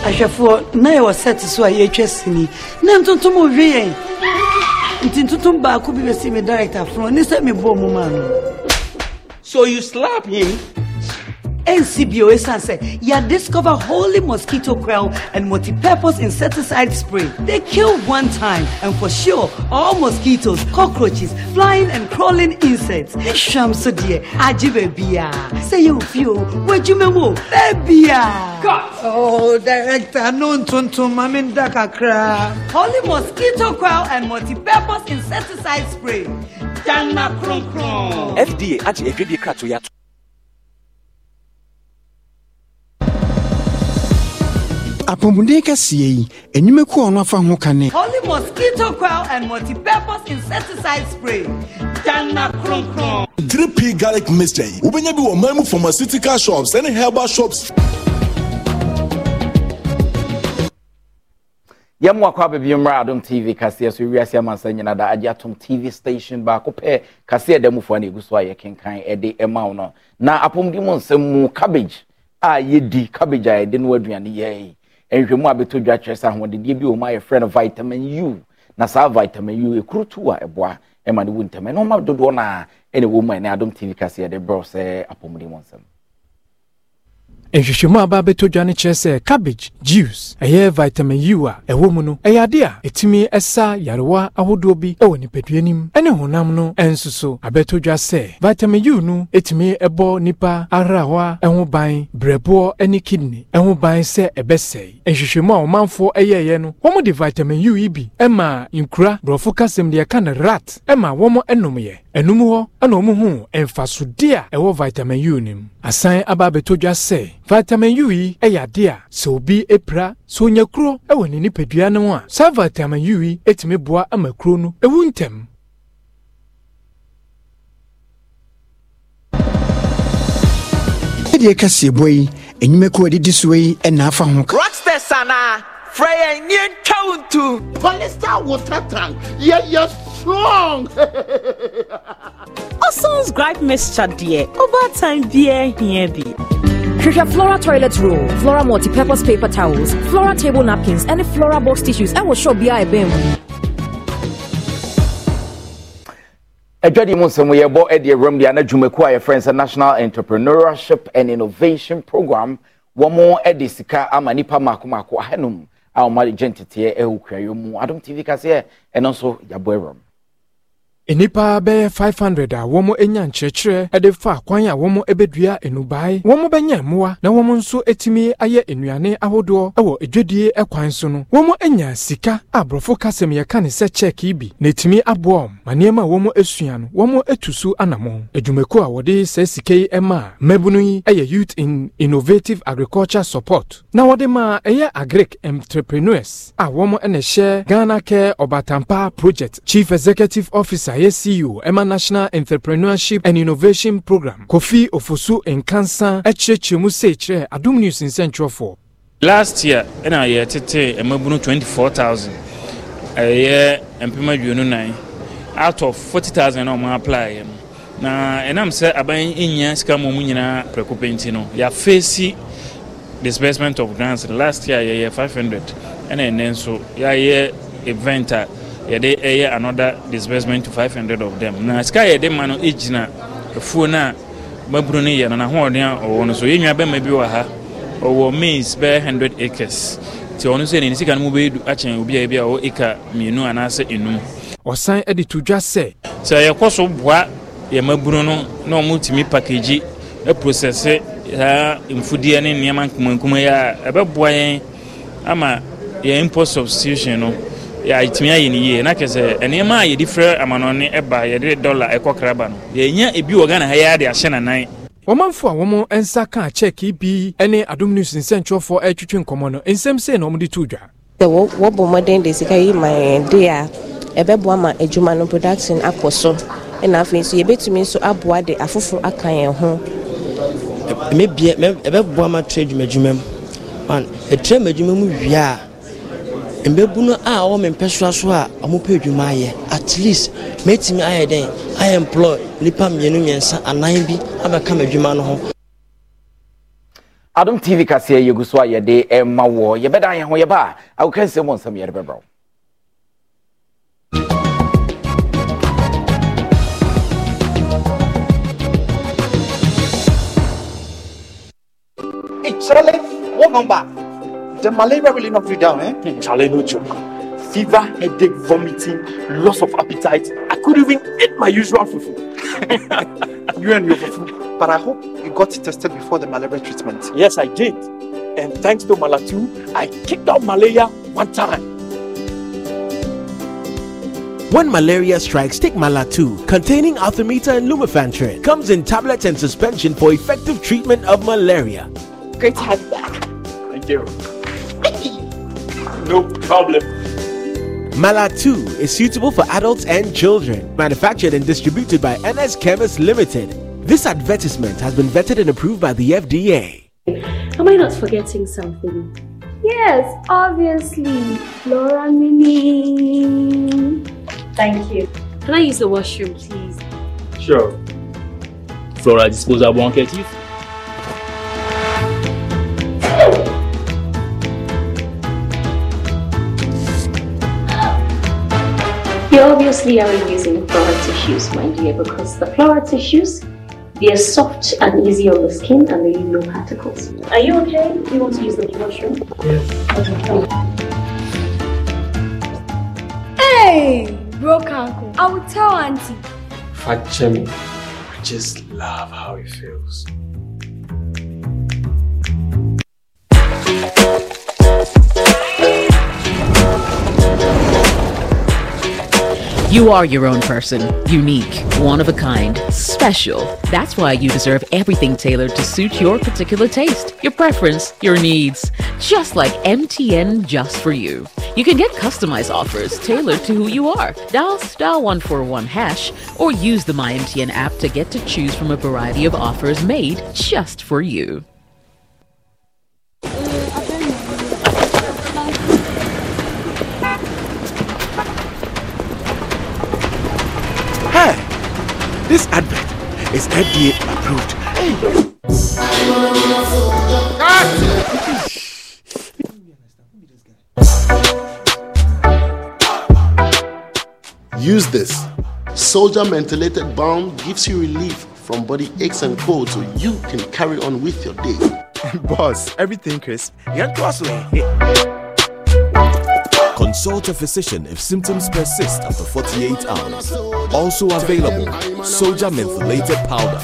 Speaker 6: ahwɛfoɔ na yɛwɔ set so a yɛatwa sini na ntontom ɔhwe yɛn nti ntontom baako bi bɛsi me director from ne sɛ mebɔɔ mu maa no so you slap him NCBOA Sunset, you discover holy mosquito coil and multi-purpose insecticide spray. They kill one time and for sure all mosquitoes, cockroaches, flying and crawling insects. Shamsu dear, ajibebia. Say you feel where you mewo bebia. Cut. Oh, director, no tuntum mamin dakakra. Holy mosquito coil and multi-purpose insecticide spray. Dana krum
Speaker 3: krum. FDA Ajibebia, kratu krato
Speaker 7: apɔmuden kɛseɛ yi enyimeku ɔno afa
Speaker 5: ho kane.
Speaker 6: holy mosquito coil and multi-purpose insecticide spray dana
Speaker 5: kronkron. Three p garlic mixture yi wobɛnya bi wɔ man mu pharmaceutical shops ɛne herbal shops. yɛmmo akɔ
Speaker 1: abɛbi mmra adom tv kaseɛ so wiase amansa nyina da agye atom tv station baako pɛ kaseɛ da mufoɔ no ɛgu so a yɛkenkan de ma wo no na apɔmdi mu nsɛm mu cabbage a yɛdi cabbage a yɛde no aduane yɛi you abɛtɔ dwa kyerɛ sɛ ahoɔdendeɛ bi wɔ mu a yɛfrɛ no vitamin u na saa vitamin u ɛkuro tu a ɛboa ɛma no wu ntɛm ɛnɔma dodoɔ woman. a I don't think you can see kaseɛ de brɛ sɛ apɔmuden wɔ nsɛm
Speaker 7: nhwehwɛmu a aba abɛtɔ dwa no kyerɛ sɛ cabbage juice ɛyɛ vitamin u a ɛwɔ mu no ɛyɛ ade a ɛtumi ɛsa yarewa ahodoɔ bi ɛwɔ nipadua nim ɛne honam no ɛnso so abɛtɔ dwa sɛ vitamin u no ɛtumi ɛbɔ nipa ahrawa ɛho ban brɛboɔ ɛne kidney ɛho ban sɛ ɛbɛsɛe nhwehwɛmu a ɔmanfoɔ ɛyɛɛyɛ no wɔn de vitamin u yi bi ɛma nkura borɔfo kasɛm deɛ ɛka no rat ɛma wɔn ɛnomyɛ ɛnum hɔ ɛna wɔn ho mfasodeɛ a ɛwɔ vitamin u nim asan aba abɛtɔ dwa sɛ vitamin u yi ɛyɛ adeɛ a sɛ obi apira sɛ onya kuro ɛwɔ ne nipadua no ho a saa vitamin u yi etumi boa ama kuro no ewu ntɛm deɛ kɛseɛ bɔ yi enyimakuo a didi soɔ yi ɛna afa ho ka.
Speaker 3: rockstars anaa frɛ yɛn nye ntu. polista wotatan yɛ strong.
Speaker 4: song's gripe mixture, dear. Over time, dear, here be. Hwehwɛ
Speaker 9: Flora toilet roll, Flora multi-purpose paper towels, Flora table napkins, and Flora box tissues. I will show BIA them.
Speaker 1: adwadi mu we yɛbɔ ɛde awuram deɛ ana dwumakuo a friends, sɛ national entrepreneurship and innovation program more? de sika ama nipa mako mako ahanum a wɔn agye nteteɛ ɛwɔ kuayɔ mu adom tv kaseɛ ɛno nso yɛabɔ
Speaker 7: nnipa bɛyɛ 500 a wɔn anya nkyerɛkyerɛ de fa kwan a wɔn bɛdua nnubae wɔn bɛnya mmoa na wɔn nso atumi ayɛ nnuane ahodoɔ wɔ adwadie kwan so no wɔn anya sika a aborɔfo kasɛm yɛka ne sɛ kyɛɛke bi na etumi aboa wɔn ma nneɛma a wɔn asua no wɔn atu so anammɔn adwumako a wɔde saa sika yi ma mmabunu yi yɛ youth in innovative agriculture support na wɔde ma ɛyɛ agric entrepreneurs a wɔn na ɛhyɛ ghana care ɔbatampa project chief executive officer CEO ɛma National Entrepreneurship and Innovation Program Kofi Ofosu nkansa ɛkyerɛkyerɛ mu sɛ kyerɛ Adom News nsɛntwerɛfoɔ.
Speaker 11: Last year ɛna yɛtete mmabunu twenty four thousand ɛyɛ mpem aduonu nan out of forty thousand na wɔn apply yɛ no na ɛnam sɛ aban nyinaa sika mu nyinaa prɛko pɛnti no yɛafeesi disbursement of grants last year yɛyɛ five hundred ɛna ɛnɛ nso yɛayɛ event a. yɛde ɛyɛ another disbursement to 500 of them na sika yɛde ma no gyina afuo no a maburu no yɛ no nahoɔden a ɔwɔ no so yɛnwa bɛma bi wɔ ha ɔwɔ maize bɛyɛ 100 acres nti ɔno nso yɛ ne sika no mu bɛyɛ akyɛn obi a ebi a ɔwɔ acre mmienu anaasɛ enum ɔsan de to dwa sɛ sɛ yɛkɔ so boa yɛn maburu no na wɔtumi package aprocesse saa mfudeɛ ne nneɛma nkumankuma yi a ɛbɛboa yɛn ama yɛn import substitution no yɛatumi ayɛ no yie na kyɛ sɛ nneɛma a yɛde frɛ amanɔne ɛba yɛde dɔla ɛkɔ kraba no yɛnya ebi wɔ ghana ha yɛ ade ahyɛ nanan
Speaker 7: wɔmanfo a wɔn nsa kaa kyɛk bi ne adom news nsɛntwerɛfoɔ retwitwe nkɔmmɔ no nsɛm sei na wɔde to dwa wɔbɔ mmɔden de
Speaker 4: sika yi ma de a ɛbɛboa ma adwuma no production akɔ so ɛna afei nso yɛbɛtumi nso aboa de afoforɔ aka yɛn ho
Speaker 8: ɛbɛboa ma trɛ adwumadwuma mu ɛtrɛ madwuma mu wie a mbɛbunu a ɔwɔ me mpɛsoa so a ɔmopɛ adwuma ayɛ at least mɛtumi ayɛ dɛn ayɛ employ nnipa mmienu mmiɛnsa anan bi abɛka m'adwuma no ho
Speaker 1: adom tv kaseɛ yɛgu so a yɛde ɛma wɔ yɛbɛda yɛ ho yɛba a awoka nsɛm wɔ nsɛm yɛde bɛbrɛ
Speaker 3: wo The malaria really knocked me down, eh? Hmm, Charlie, no joke. Fever, headache, vomiting, loss of appetite. I couldn't even eat my usual fufu. you and your fufu. But I hope you got tested before the malaria treatment. Yes, I did. And thanks to Malatu, I kicked out malaria one time.
Speaker 10: When malaria strikes, take Malatu, containing Arthemeter and Lumefantrin. Comes in tablets and suspension for effective treatment of malaria.
Speaker 3: Great to have you back. Thank you no problem.
Speaker 8: 2 is suitable for adults and children. Manufactured and distributed by NS Chemist Limited. This advertisement has been vetted and approved by the FDA.
Speaker 12: Am I not forgetting something?
Speaker 6: Yes, obviously. Flora Mini. Thank you. Can I use the washroom, please?
Speaker 11: Sure. Flora disposal blanket, if
Speaker 12: obviously I'm using floral tissues, my dear, because the floral tissues they are soft and easy on the skin and they leave no particles. Are
Speaker 6: you okay? Do you want to use the mushroom? Yes. Hey, broke uncle. I will tell auntie.
Speaker 8: Fat Jimmy,
Speaker 10: I just love how it feels.
Speaker 12: You are your own person, unique, one of a kind, special. That's why you deserve everything tailored to suit your particular taste, your preference, your needs. Just like MTN Just For You. You can get customized offers tailored to who you are. Dial star 141 hash or use the MyMTN app to get to choose from a variety of offers made just for you.
Speaker 7: This advert is FDA approved.
Speaker 5: Hey. Use this. Soldier Mentholated Balm
Speaker 3: gives you relief from body aches and cold so you can carry on with your day. Boss, everything crisp. You're close, Consult a physician if symptoms persist after 48 hours. Also available, Soja
Speaker 5: Mentholated Powder.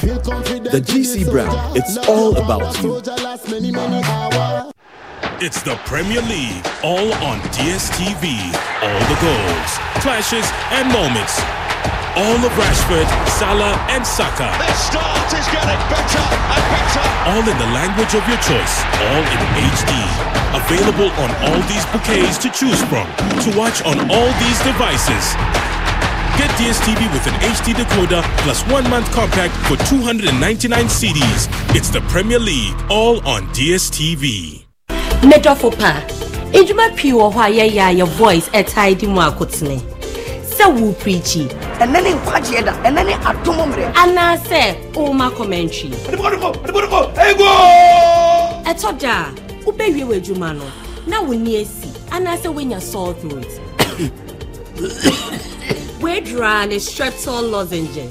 Speaker 5: The GC brand, it's all about you. It's the Premier League, all on DSTV. All the goals, clashes, and moments all the Rashford, Salah and Saka. This start is getting better and better. All in the language of your choice. All in HD. Available on all these bouquets to choose from. To watch on all these devices. Get DSTV with an HD decoder plus one month contract for 299 CDs. It's the Premier League, all on DSTV.
Speaker 9: Medofo pa, ejuma piwo your voice etide mu akotene. Sa wo preachy. ɛnɛ ne nkwagyeɛ da ɛnɛ ne atom mmerɛ anaasɛ woma commentary ɛtɔ da a wobɛwie w'adwuma no na wo nni asi anaasɛ woanya sore throat woaduraa ne streptol lozenges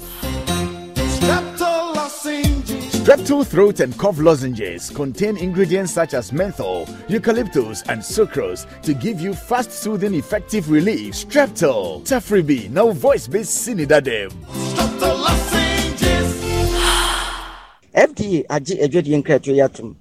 Speaker 5: streptol lozenges
Speaker 3: Streptococcus throat and cough lozenges contain ingredients
Speaker 5: such as menthol, eucalyptus, and sucrose to give you fast, soothing, effective relief. Streptol, Tafribi, now voice-based Sinidadem. Streptol lozenges.
Speaker 1: FDA, Aji Ejodian Kretriatum.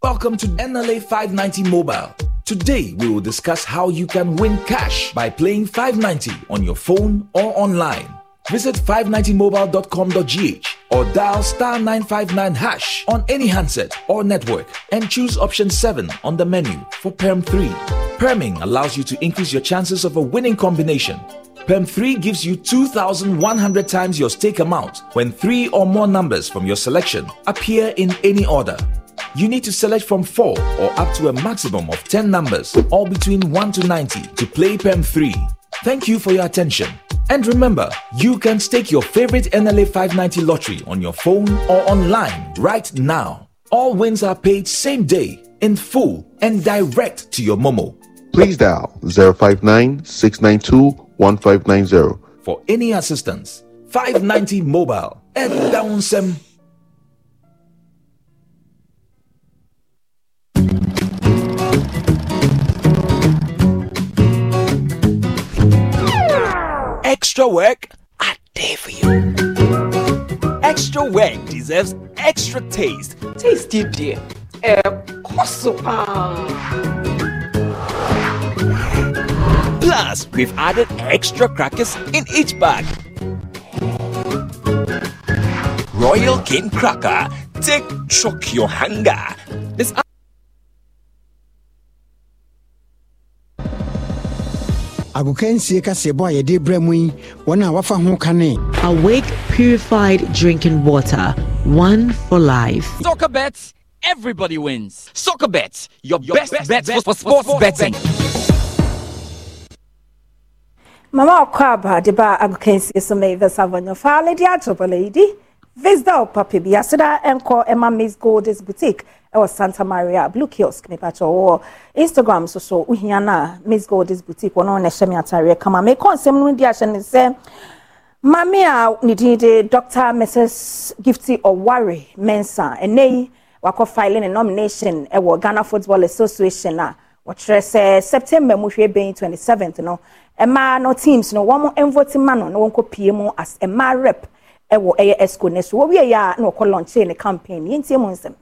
Speaker 1: Welcome to NLA 590 Mobile. Today, we will discuss how you can win cash
Speaker 7: by playing 590 on your phone or online. Visit 590mobile.com.gh
Speaker 1: or dial star 959 hash on any handset or network and choose option 7 on the menu for PERM 3. PERMing allows you to increase your chances of
Speaker 3: a winning combination. PERM 3 gives you 2,100 times your stake amount
Speaker 7: when three or more numbers from your selection appear in any order. You need to select from 4 or up to a maximum of 10 numbers, all between 1 to 90, to play Perm 3. Thank you for your attention. And remember, you can stake your favorite NLA 590
Speaker 1: lottery on your phone or online right now. All wins are paid same day, in full, and direct
Speaker 5: to your Momo. Please dial 059 for any assistance. 590 Mobile.
Speaker 7: And down some.
Speaker 3: extra work, I dare for you. Extra work deserves extra taste. Tasty dear. Eh,
Speaker 8: Plus, we've added extra crackers in each bag.
Speaker 3: Royal King Cracker, take shock your hunger. This
Speaker 6: agokansie kaseɛbɔ a yɛde brɛ mu yi wɔn a wɔafa ho ka awake purified drinking water one for life
Speaker 1: soccer bets everybody wins soccer bets your, your best, best bet, for sports, sports betting,
Speaker 4: mama ɔkɔ aba de ba agokansie so ma yɛvɛ sa vɔnyɔfa alede agyebɔla yi di visda ɔpapa bi aseda ɛnkɔ ɛma miss goldis boutique ɛwɔ santa maria blue kiosk mepakyɛ wɔ instagram so so wohia no a miss goldis boutique wɔno na ɛhyɛ me atareɛ kama mekɔ nsɛm no di ahyɛ ne sɛ mame a ne din de dr mrs gifty oware mensa ɛnɛ yi wakɔ file ne nomination ɛwɔ e ghana football association a wɔkyerɛ sɛ september mu hwɛ bɛn 27th no mmaa e no teams no wɔn mvote ma no na wɔn kɔ pie mu as mmaa e rep ɛwɔ ɛyɛ esco ne so wɔwie yɛ a na wɔkɔ launch ne campaign yɛntie mu nsɛm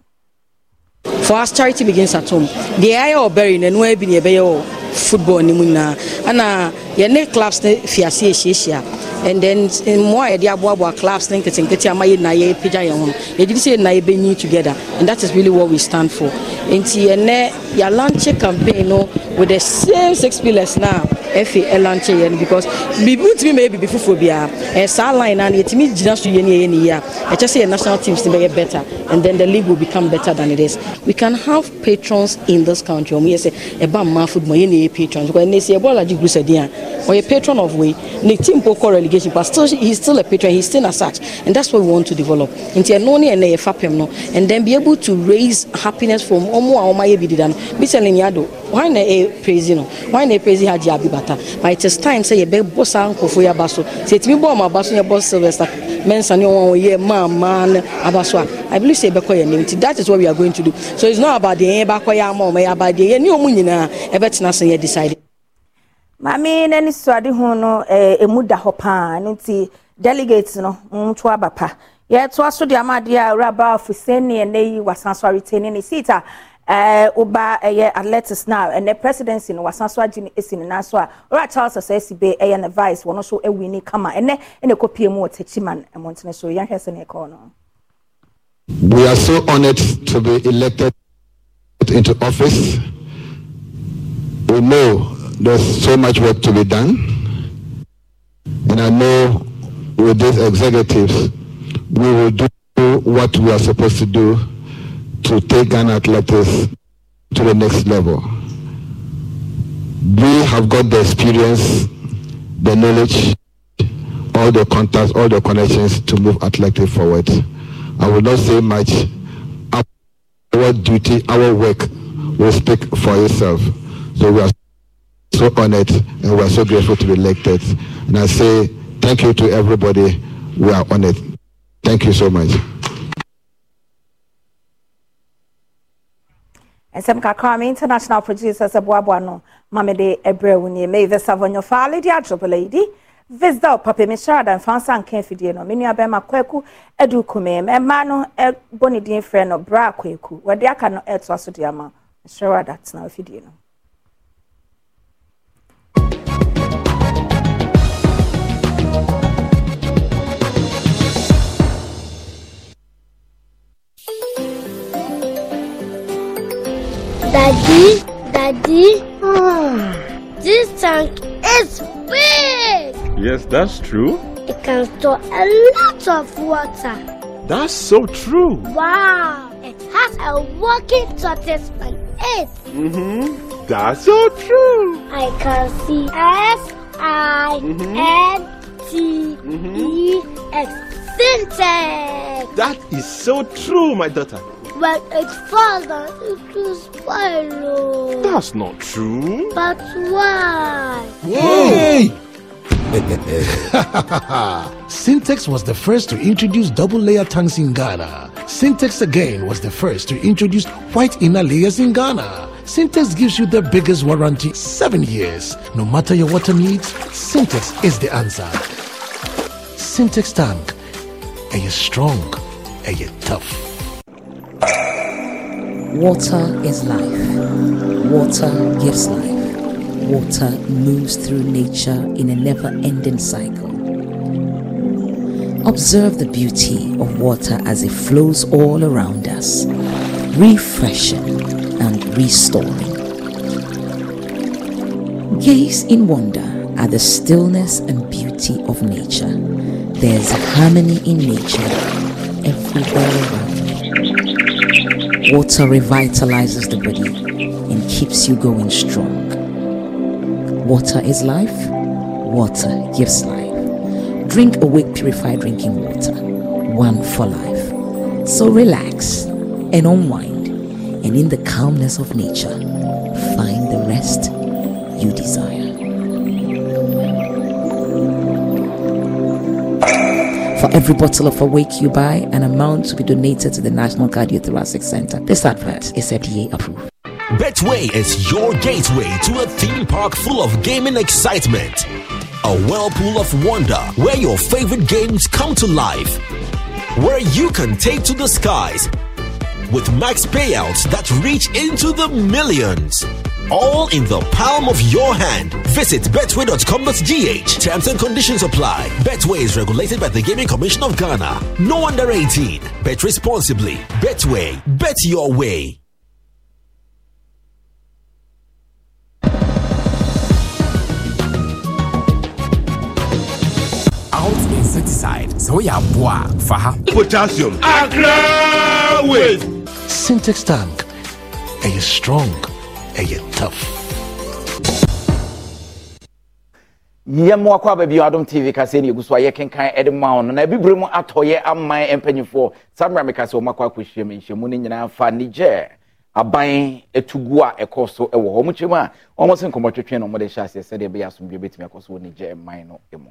Speaker 9: for us charity begins at home The ayɛ of bɛri na ɛnoa bi ne yɛbɛyɛ wɔ football no mu nyinaa ana yɛne clubs no fiase ɛhyiahyia and then mmoa a yɛde aboaboa clubs no nketenkete ama yɛ nyinaa yɛpagya yɛn ho no yɛgyedi sɛ yɛ nyinaa together and that is really what we stand for nti yɛnɛ yɛalanche campaign no with the same six pillars now ɛfɛ ɛlankyɛ yɛ no e because biribi ntumi mɛ biribi foforɔ biara ɛyɛ eh, saa line na yɛtumi gyina so yɛ ne yɛyɛ ne yie ɛkyɛ sɛ yɛ national teams no bɛyɛ better and then the league will become better than it is we can have patrons in this country ɔmo yɛ sɛ ɛba mmaa football yɛ ne yɛ patrons because ɛnɛ sɛ ɛbɔ alagye gu sɛdeɛ a ɔyɛ patron of way ne team po kɔ relegation but still he's still a patron he's still as such and that's what we want to develop nti ɛno ne ɛnɛ yɛ fa pɛm no and then be able to raise happiness from ɔmo a ɔmo ayɛ bi deda no bisɛ ne nyado why na ɛ praise no why na ɛ praise hajj abiba matter but it is time sɛ yɛbɛbɔ saa nkurɔfoɔ yi aba so sɛ yɛtumi bɔ ɔmo aba so yɛbɔ sylvester mensa ne wɔn yɛ maamaa no aba so a i believe sɛ yɛbɛkɔ yɛn nim nti that is what we are going to do so it's not about deɛ yɛn bakɔ yɛ ama ɔmo yɛ about deɛ yɛn ne ɔmo nyinaa ɛbɛtena so yɛ decide.
Speaker 4: maame n'ani suade ho no emu da hɔ paa no ti delegates no mo to aba pa yɛtoa so deɛ amadeɛ a awuraba afusɛn ne yɛn n'ayi wasan so aretɛn ne ne seat a. Eh, eh, athletics now presidency no wasan so esi a charles eh, vice kama mu so ne no.
Speaker 3: we are so honoured to be elected into office we know there's so much work to be done and i know with these executives we will do what we are supposed to do to take Ghana athletics to the next level. We have got the experience, the knowledge, all the contacts, all the connections to move athletics forward. I will not say much. Our duty, our work will speak for itself. So we are so honored and we are so grateful to be elected. And I say thank you to everybody. We are honored.
Speaker 5: Thank you so much.
Speaker 4: nsɛm kakra me international producers sɛ boaboa no ma mede ɛbrɛ wo nie meive savonyɔfa aledi adwobela yidi visda ɔpapa me hyɛ ada mfa nsa nka afidie no me nua bɛma kwaku adu kumee mɛma no bɔ ne din frɛ no bra kwaku wɔde aka no ɛtoa so de ama mehyɛ wo ada tena afidie
Speaker 6: Daddy, Daddy, ah, this tank is big.
Speaker 3: Yes, that's true.
Speaker 6: It can store a lot of water.
Speaker 5: That's so true.
Speaker 6: Wow, it has a working tortoise like it.
Speaker 5: Mm-hmm. That's so true.
Speaker 6: I can see S I mm-hmm. N T E mm-hmm. X
Speaker 3: That is so true, my daughter.
Speaker 6: But its father is a spider.
Speaker 5: That's not true.
Speaker 6: That's why.
Speaker 5: Yay! Syntex was the first to introduce double layer tanks in Ghana. Syntex again was the first to introduce white inner layers in Ghana. Syntex gives you the biggest warranty, seven years. No matter your water needs, Syntex is the answer. Syntex tank. Are you
Speaker 7: strong? Are you tough? Water
Speaker 12: is life. Water gives life. Water moves through nature in a never ending cycle. Observe the beauty of water as it flows all around us, refreshing and restoring. Gaze in wonder at the stillness and beauty of nature. There's harmony in nature everywhere around. Water revitalizes the body and keeps you going strong. Water is life. Water gives life. Drink awake purified drinking water. One for life. So relax and unwind and in the calmness of nature find the rest you desire. For every bottle of Awake you buy, an amount to be donated to the National Cardiothoracic Center. This advert is FDA approved.
Speaker 5: Betway is your gateway to a theme park full of gaming excitement.
Speaker 8: A whirlpool of wonder where your favorite games come to life. Where you can take to the skies with max payouts that reach into the millions all in the palm of your hand. Visit betway.com.gh. Terms and conditions apply. Betway is regulated by the Gaming Commission of Ghana. No under 18. Bet responsibly. Betway. Bet your way.
Speaker 1: Out insecticide. So we are boa. Faha.
Speaker 5: Potassium.
Speaker 3: Accra waste.
Speaker 5: Syntax tank. Are you strong? ɛyɛ tough
Speaker 1: yɛmmoa kɔ aba bio adom tv kaseɛ ne yɛgu so a yɛkenkan ɛde ma wo na bibire mu atɔyɛ aman mpanyifoɔ saa mmara meka sɛ ɔmakɔ akɔhyia mu nhyɛmu no nyinaa fa niger aban atugu a ɛkɔ so wɔ hɔ ɔmo kyerɛ a ɔmo se nkɔmmɔtwetwe no ɔmode hyɛ aseɛ sɛdeɛ ɛbɛyɛ asomdwe bɛtumi akɔ so wɔ niger man no mu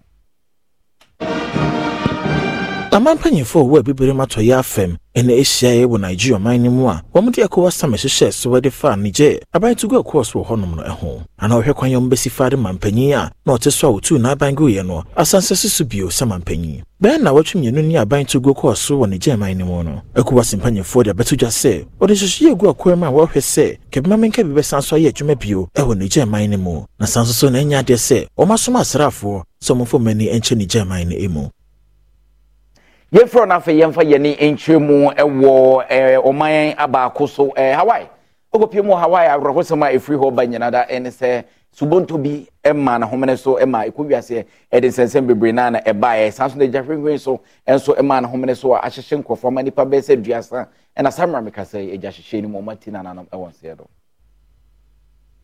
Speaker 10: aman mpanyinfo a wɔwɔ abibire mu atɔyɛ afɛm ɛna ahyia yɛ wɔ nigeria ɔman no mu a wɔmde akowa sam ɛhyehyɛ so wɔde faa niger aban to gu ɛkɔɔ so wɔ hɔnom no ɛho anaa ɔhwɛ kwan yɛ mbɛsi fa de mampanyin a na ɔte so a wɔtuu n'aban guiɛ no asansɛ so so bio sɛ mampanyin bɛn na wɔtwe mmienu ne aban to gu so wɔ niger man no mu no akowa se mpanyinfoɔ de abɛto dwa sɛ ɔde nhyehyɛ gu akoa mu a wɔhwɛ sɛ kɛbima bi bɛsan so ayɛ adwuma bio ɛwɔ niger man no mu na san so so na ɛnyɛ adeɛ sɛ ɔmasom asraafoɔ sɛ ɔmomfo mani nkyɛ niger man no mu
Speaker 1: yɛmfrɛ no afei yɛmfa yɛne nkyerɛ mu eh, wɔ eh, ɔman abaako so eh, hawaii wokɔpie mu hawaii awerɛhosɛm a ɛfiri hɔ ba nyina da ɛne sɛ subonto bi ma nahomene so ma ɛkɔ wiaseɛ ɛde nsɛnsɛm bebree naa na ɛbaeɛ saa so no agya hwenhwen so nso ma nahomene so a ahyehye nkurɔfoɔ ma nnipa bɛɛ sɛ duasa ɛna sa mmara mekasa yi agya hyehyɛ no mu ɔmati nananom ɛwɔ nseɛ do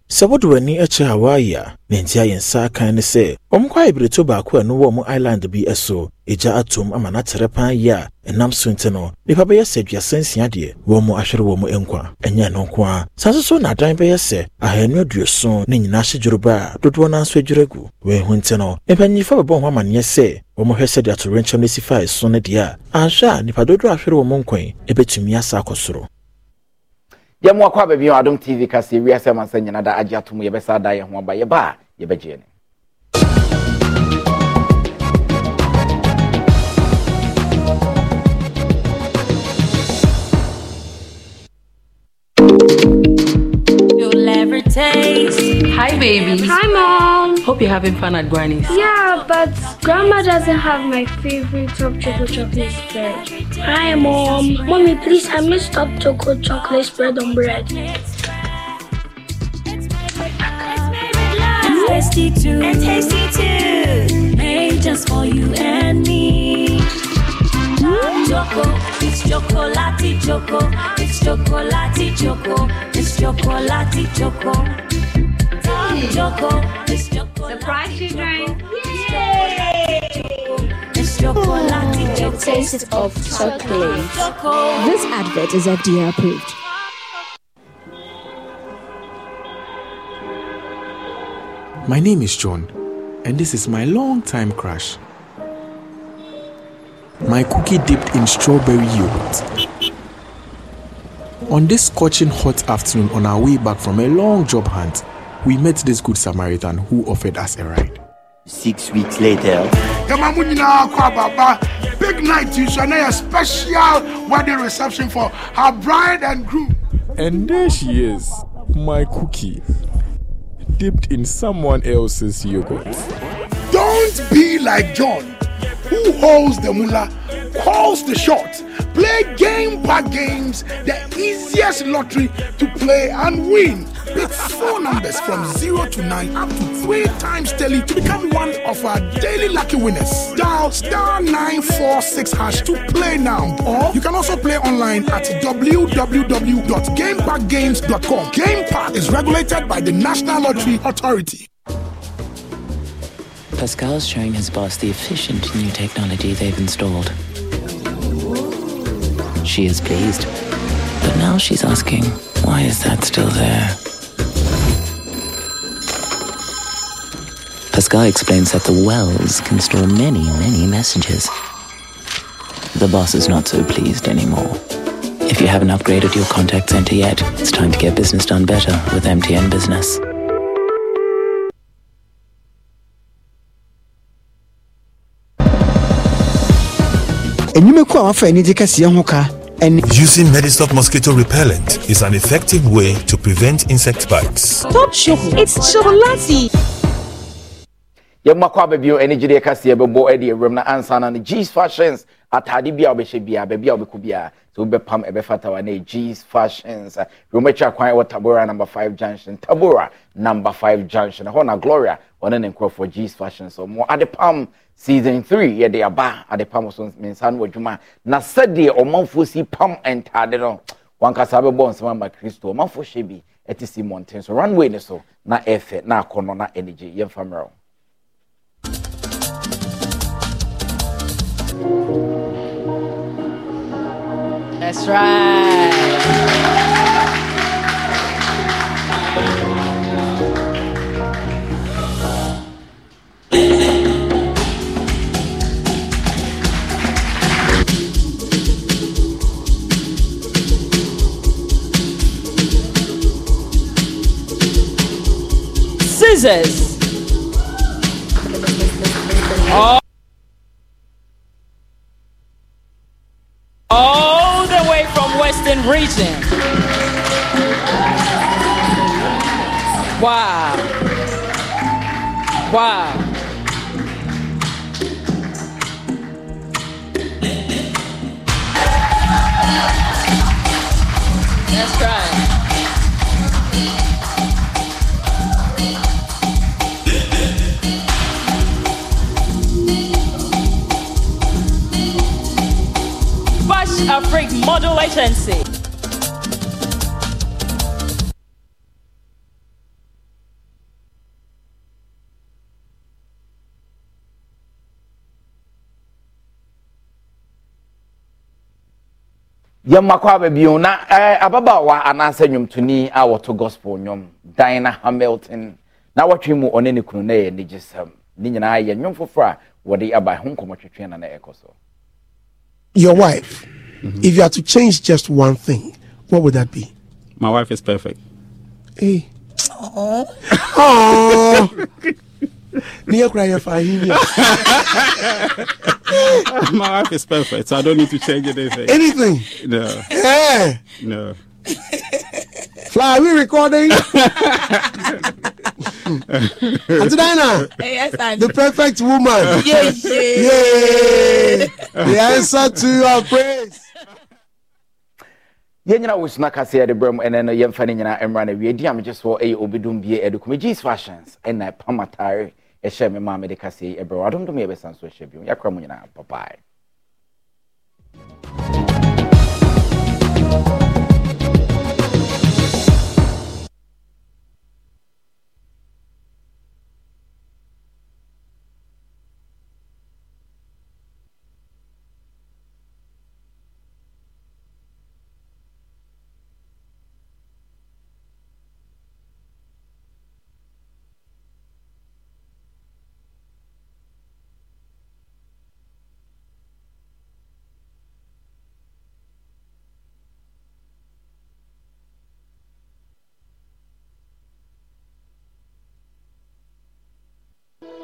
Speaker 10: sɛ wode w'ani akyɛ hawaii a ne ntia yɛn nsa akan ne sɛ ɔmkɔ ayebireto baako a ɛno wɔ mo island bi so egya atom ama n'atere paa yie a ɛnam so nti no nnipa bɛyɛ sɛ aduasa nsia deɛ wɔn mo ahwere wɔn mo nkwa ɛnyɛ no nko a saa nso so na adan bɛyɛ sɛ ahanu aduoson ne nyinaa hye dworoba a dodoɔ no nso adwira gu wɔahu nti no mpanyinfo bɛbɔ ho amanneɛ sɛ wɔmhwɛ sɛdeɛ atorenkyɛm no si faa so no deɛ a anhwɛ a nnipa dodoɔ ahwere wɔn mo nkwan ɛbɛtumi asa akɔ soro
Speaker 1: yɛmo akɔ abaabi adom tv kase wiasɛ ma sɛ nyina da agye ato mu yɛbɛsa da yɛ ho aba yɛba a yɛbɛgyeɛ ne
Speaker 9: Taste Hi, babies. Hi, Mom. Hope you're having fun at Granny's. Yeah, but Grandma doesn't have my favorite top chocolate chocolate spread. Hi, Mom. Mommy, please, have missed top chocolate chocolate spread on bread.
Speaker 6: tasty too. And tasty too. Made just for you and me. Mm. Choco, it's chocolati choco. It's chocolati choco. It's
Speaker 4: chocolati choco of chocolate. This advert is
Speaker 7: FDA approved. My name is John, and this is my long time crush. My cookie dipped in strawberry yogurt. On this scorching hot afternoon on our way back from a long job hunt, we met this good Samaritan who offered us a ride.
Speaker 8: Six weeks later,
Speaker 5: big night to Shanae, a special wedding reception for her bride and groom. And there she is, my cookie, dipped in someone else's yogurt. Don't be like John, who holds the mullah calls the shots. Play game by games, the easiest lottery to play and win. Pick four numbers from 0 to 9 up to 3 times daily to become one of our daily lucky winners. Dial star 946 hash to play now. Or you can also play online at www.gamepackgames.com. Gamepack is regulated by the National Lottery Authority.
Speaker 12: Pascal's showing his boss the efficient new technology they've installed. She is pleased. But now she's asking, why is that still there? Pascal explains that the wells can store many, many messages. The boss is not so pleased anymore. If you haven't upgraded your contact center yet, it's time to get business done better with MTN Business.
Speaker 7: enyimeko a wafa
Speaker 6: ani de kɛseɛ
Speaker 5: Using Medistop mosquito repellent is an effective way to prevent insect bites.
Speaker 6: Stop shopping. It's chocolate.
Speaker 1: yɛmmakɔ a baabio ɛne kasi ɛkaseɛ bɛbɔ ɛde awuram na ansa no no gs fashions atade bi a wobɛhyɛ biaa baabi a wobɛkɔ biaa sɛ wobɛpam ɛbɛfata wa ne gs fashions rɛmakyi akwan ɛwɔ tabora number 5 junction tabora number 5 junction ɛhɔ na gloria ɔne ne nkurɔfoɔ gs fashions ɔmo ade pam season 3 yɛde aba adepam so mensa no adwuma na sɛdeɛ ɔmanfoɔ si pam ntade no wankasa bɛbɔ nsɛm ama kristo ɔmanfoɔ hyɛ bi ɛte si mmɔnten so runway ne so na ɛfɛ na akɔnɔ na anigye yɛmfa
Speaker 11: That's right.
Speaker 3: scissors.
Speaker 4: All, all the way from Western Region. Wow. Wow.
Speaker 8: That's right.
Speaker 4: Model Agency.
Speaker 1: yɛmmakɔ aba bio na ababaawa anaasɛ nnwomtoni a wɔto gospel nnwom dina hamilton na wɔtwe mu ɔne ne kunu na ɛyɛ anigye sɛm ne nyinaa yɛ nnwom foforɔ a wɔde aba ho nkɔmmɔtwetwe na na ɛkɔ so
Speaker 2: your
Speaker 5: wife Mm-hmm. If you had to change just one thing, what would that be?
Speaker 1: My
Speaker 3: wife is perfect.
Speaker 5: Hey.
Speaker 2: Aww.
Speaker 5: Aww. cry My wife is perfect, so I don't need to
Speaker 3: change anything. Anything? No.
Speaker 5: Yeah. No. Fly, are we recording? Auntie the perfect woman. Yay! Yay! the answer to our
Speaker 1: praise. yɛn nyinaa wɔ suna kase yɛde brɛ mu ɛnɛ no yɛmfa no nyinaa mmra no awie di a megye soɔ ɛyɛ obidum bie adukumi gs fashions ɛna pam atare ɛhyɛ me maa mede kase yi ɛbrɛ w adomdom yɛbɛsa nso ɛhyɛ bio yɛakora mu nyinaa babae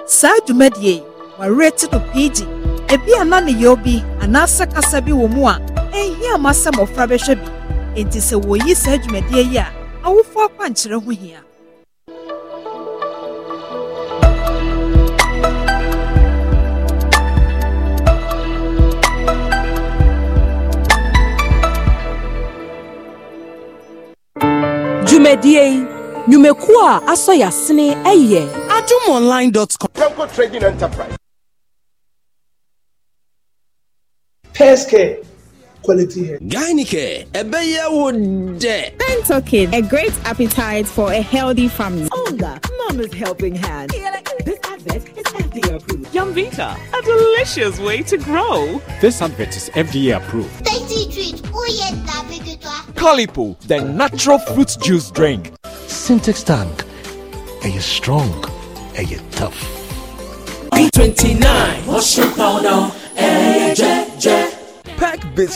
Speaker 4: saa dwumadie yi wɔawerɛ te no piigyi ebi a na ne yɛw bi anaasɛ kasa bi wɔ mu a ɛnhia ma sɛ mmɔfra bɛhwɛ bi enti sɛ wɔyi saa dwumadie yi a awofoɔ akwankyerɛ ho hia
Speaker 9: dwumadie yi nnwumakuo a asɔ yasene ɛyɛ adumonline.com Temco
Speaker 3: Trading Enterprise. Pescare
Speaker 4: quality here. Gynike, a beya would Pentokin, a great appetite for a healthy family. Olga,
Speaker 6: Mama's helping hand. This advert is FDA approved. Vita, a delicious way to grow.
Speaker 7: This advert is FDA approved.
Speaker 6: Tasty treat. Oh yes,
Speaker 7: the natural fruit juice drink.
Speaker 5: Syntax tank. Are you strong? Are you tough?
Speaker 6: 29 washing powder, eh, jet, jet. Pack biscuits.